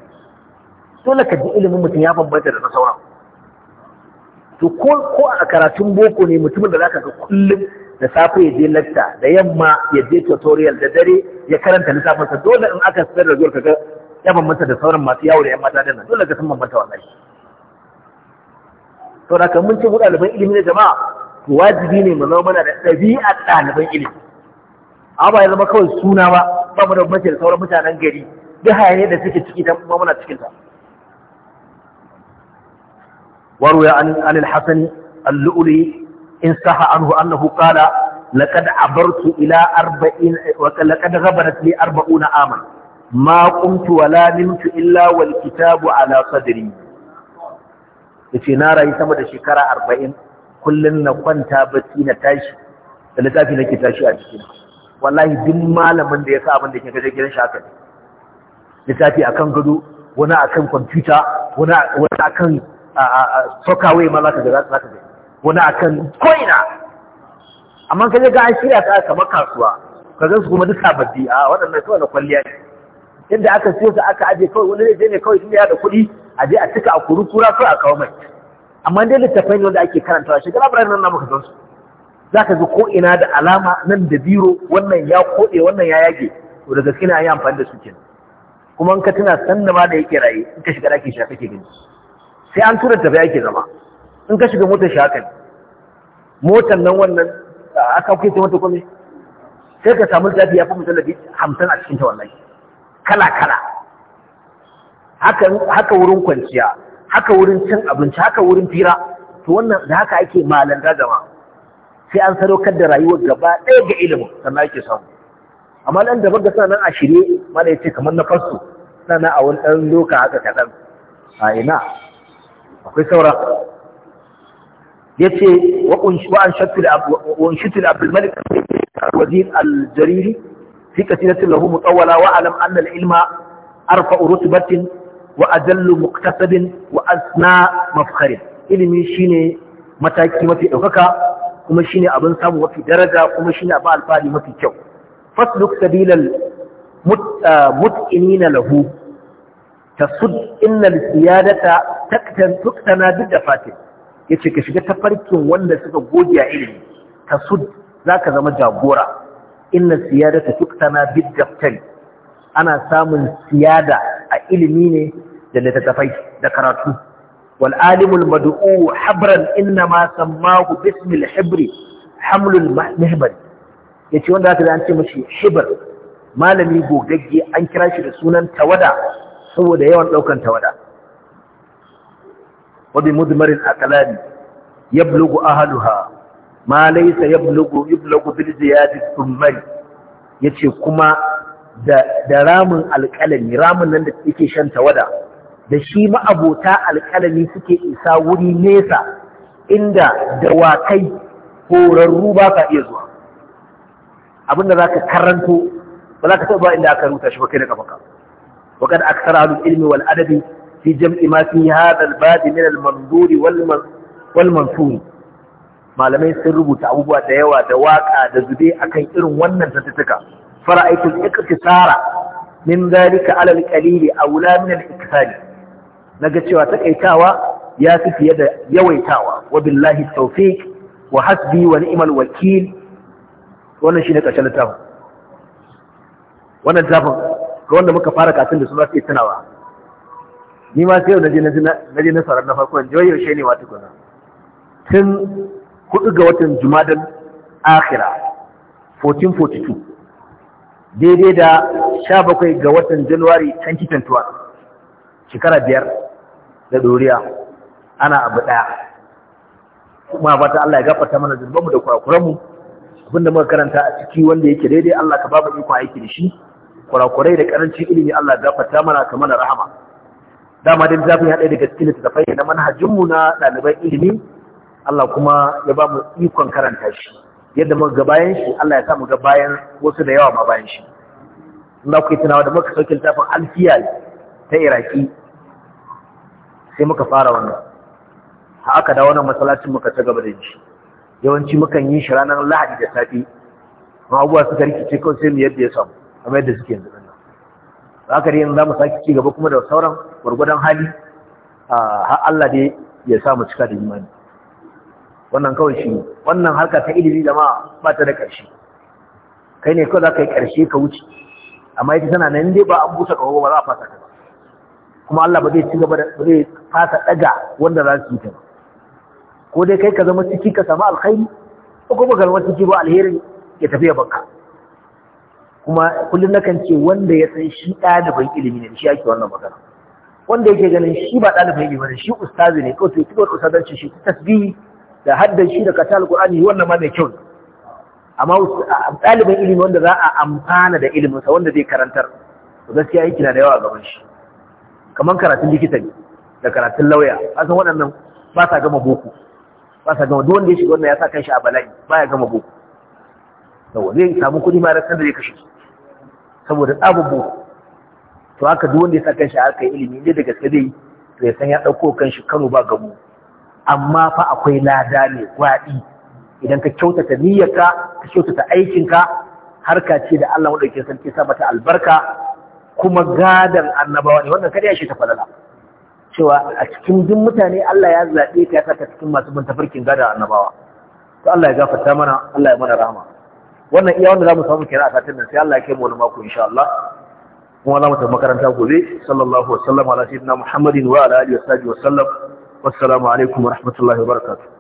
dole ka ji ilimin mutum ya bambanta da na sauran to ko a karatun boko ne mutumin da zaka ga kullum da safe ya je lakta da yamma ya je tutorial da dare ya karanta lissafinsa dole in aka sayar da zuwa kaga ya bambanta da sauran masu yawo da yan mata nan, dole ka san bambanta wallahi to da kan mun ci ɗaliban ilimi na jama'a to wajibi ne mu zama mana da ɗabi'ar ɗaliban ilimi a ba ya zama kawai suna ba ba mu da bambanci da sauran mutanen gari duk hayaniyar da suke ciki ta kuma muna cikin ta an al عن al luli in saha anhu annahu qala laqad abartu ila 40 wa laqad ghabarat li 40 aman ma qumtu wa la nimtu illa wal kitabu ala sadri yace na rayu sama da shekara 40 kullun na kwanta bacci na tashi da littafi nake tashi a cikin wallahi duk malamin da ya sa abin da ke gaje gidan shaka littafi akan gado wani akan kwamfuta wani akan sokawai ma za ka ga za ka ga wani akan koina amma kaje ga an shirya ta kamar kasuwa ka gan su kuma duka sababbi a waɗannan kawai na kwalliya ne yadda aka siyo su aka aje kawai wani zai ne kawai tun ya da kuɗi a je a cika a kuru kura kawai a kawo mai amma dai littafai ne wanda ake karantawa shekara bara nan namu ka san su za ka ji ko ina da alama nan da biro wannan ya koɗe wannan ya yage to da gaske na yi amfani da su kenan kuma in ka tuna sanda ma da yake raye in ka shiga da ake shafe ke gani sai an tura tafiya ke zama in ka shiga motar shi ne motar nan wannan aka kai ta mata kome sai ka samu zafi ya fi musallafi hamsin a cikin ta wallahi kala kala haka wurin kwanciya haka wurin cin abinci haka wurin fira to wannan da haka ake malanta gama sai an sadaukar da rayuwar gaba ɗaya ga ilimin sannan ake samu amma nan da baga sana a shirye mana ce kamar na farko sana a wani ɗan loka haka kaɗan a ina akwai saura yace wa an shatul wa an shatul abdul malik wazir al-jariri fi qasidatin lahu mutawwala wa alam anna al-ilma arfa rutbatin wa ajallu muqtasabin wa asna mafkharin ilimi shine mataki mafi daukaka kuma shine abin samu mafi daraja kuma shine abin alfahari mafi kyau fasluk sabilal mut'inina lahu tasud innal siyadata taktan tuktana bid dafatin yace ka shiga tafarkin wanda suka gode a ilimi za zaka zama jagora inna siyadata tuktana bid-daftari ana samun siyada a ilimi ne da littattafai da karatu wal alimul mad'u habran inna ma sammahu bismil hibri hamlul mihbar yace wanda aka an ce mashi hibr malami gogagge an kira shi da sunan tawada saboda yawan daukan tawada وبمدمر الأقلام يبلغ أهلها ما ليس يبلغ يبلغ mai. الثمري yace kuma da ramin alƙalami ramin nan da yake shan tawada da shi ma'abota alƙalami suke isa wuri nesa inda dawakai horarru ba iya zuwa abinda za ka karanto ba za ka taɓa inda aka rubuta shi ba kai da kafaka wa kada aksara ilmi wal adabi في جمع ما في هذا الباب من المنظور والمنصور malamai sun rubuta abubuwa da yawa da waka da zube akan irin wannan tattaka fara'aitul iktisara min zalika alal qalili aula min al iktisari naga cewa takaitawa ya fi fiye da yawaitawa wa billahi tawfiq wa hasbi wa ni'mal wakil wannan shine karshen littafin wannan littafin wanda muka fara katin da su za su tunawa ni ma sai yau je na sarar na farko yau yaushe ne wata tukuna tun hudu ga watan jumadan akhira 1442 daidai da 17 ga watan januwari 2021 shekara biyar da doriya ana abu daya kuma ba ta Allah ya gafarta mana zurbanmu da kurakuranmu abinda muka karanta a ciki wanda yake daidai Allah ka babu iko aiki da shi kurakurai da karancin ilimi Allah ya gafarta mana kamar rahama dama da littafin ya ɗaya daga cikin littattafai na manhajinmu na ɗaliban ilimi Allah kuma ya ba mu ikon karanta shi yadda muka ga bayan shi Allah ya sa ga bayan wasu da yawa ma bayan shi za ku yi tunawa da muka sauke littafin alfiya ta iraki sai muka fara wannan ha aka da wannan masallacin muka ta gaba da shi yawanci mukan yi shi ranar lahadi da safe amma abubuwa suka rikice kawai sai mu yadda ya samu amma yadda suke yanzu haka dai za mu sake ci gaba kuma da sauran gwargwadon hali har Allah dai ya sa mu cika da imani wannan kawai shi wannan harka ta ilimi ma ba ta da ƙarshe kai ne kawai za ka yi ƙarshe ka wuce amma ita tana nan dai ba an busa kawo ba za a fasa ta ba kuma Allah ba zai ci gaba da zai fasa daga wanda za su yi ta ba ko dai kai ka zama ciki ka samu alkhairi ko kuma ka zama ciki ba alherin ya tafi ya baka kuma kullum nakan ce wanda ya san shi ɗaliban ilimi ne shi ake wannan magana wanda yake ganin shi ba ɗaliban ilimi ne shi ustazi ne kawai tuwar ustazanci shi tasbi da haddan shi da kata qur'ani wannan ma mai kyau amma ɗaliban ilimi wanda za a amfana da iliminsa wanda zai karantar to gaskiya yake na da yawa a gaban shi kamar karatun likita ne da karatun lauya asan waɗannan ba sa gama boko ba sa gama duk wanda ya shiga wannan ya sa kanshi a bala'i ba ya gama boko yawa zai samu kuɗi ma da sanda zai kashe saboda tsabubu to haka duk wanda ya sa kanshi harkar ilimi ne da gaske zai ya san ya ɗauko kanshi Kano ba gamu amma fa akwai lada ne gwaɗi idan ka kyautata niyyarka ka kyautata aikinka harka ce da Allah wanda ke sarki sa mata albarka kuma gadan annabawa ne wannan kada ya shi ta falala cewa a cikin duk mutane Allah ya zaɓe ka ya saka cikin masu bin tafarkin gadan annabawa to Allah ya gafarta mana Allah ya mana rahama wannan iya wanda zamu samu kenan a satin nan sai Allah ya kai mu wani mako insha Allah kuma mu tafi makaranta gobe sallallahu alaihi wa sallam ala sayyidina Muhammadin wa ala alihi wa sahbihi wa sallam wassalamu alaikum wa rahmatullahi wa barakatuh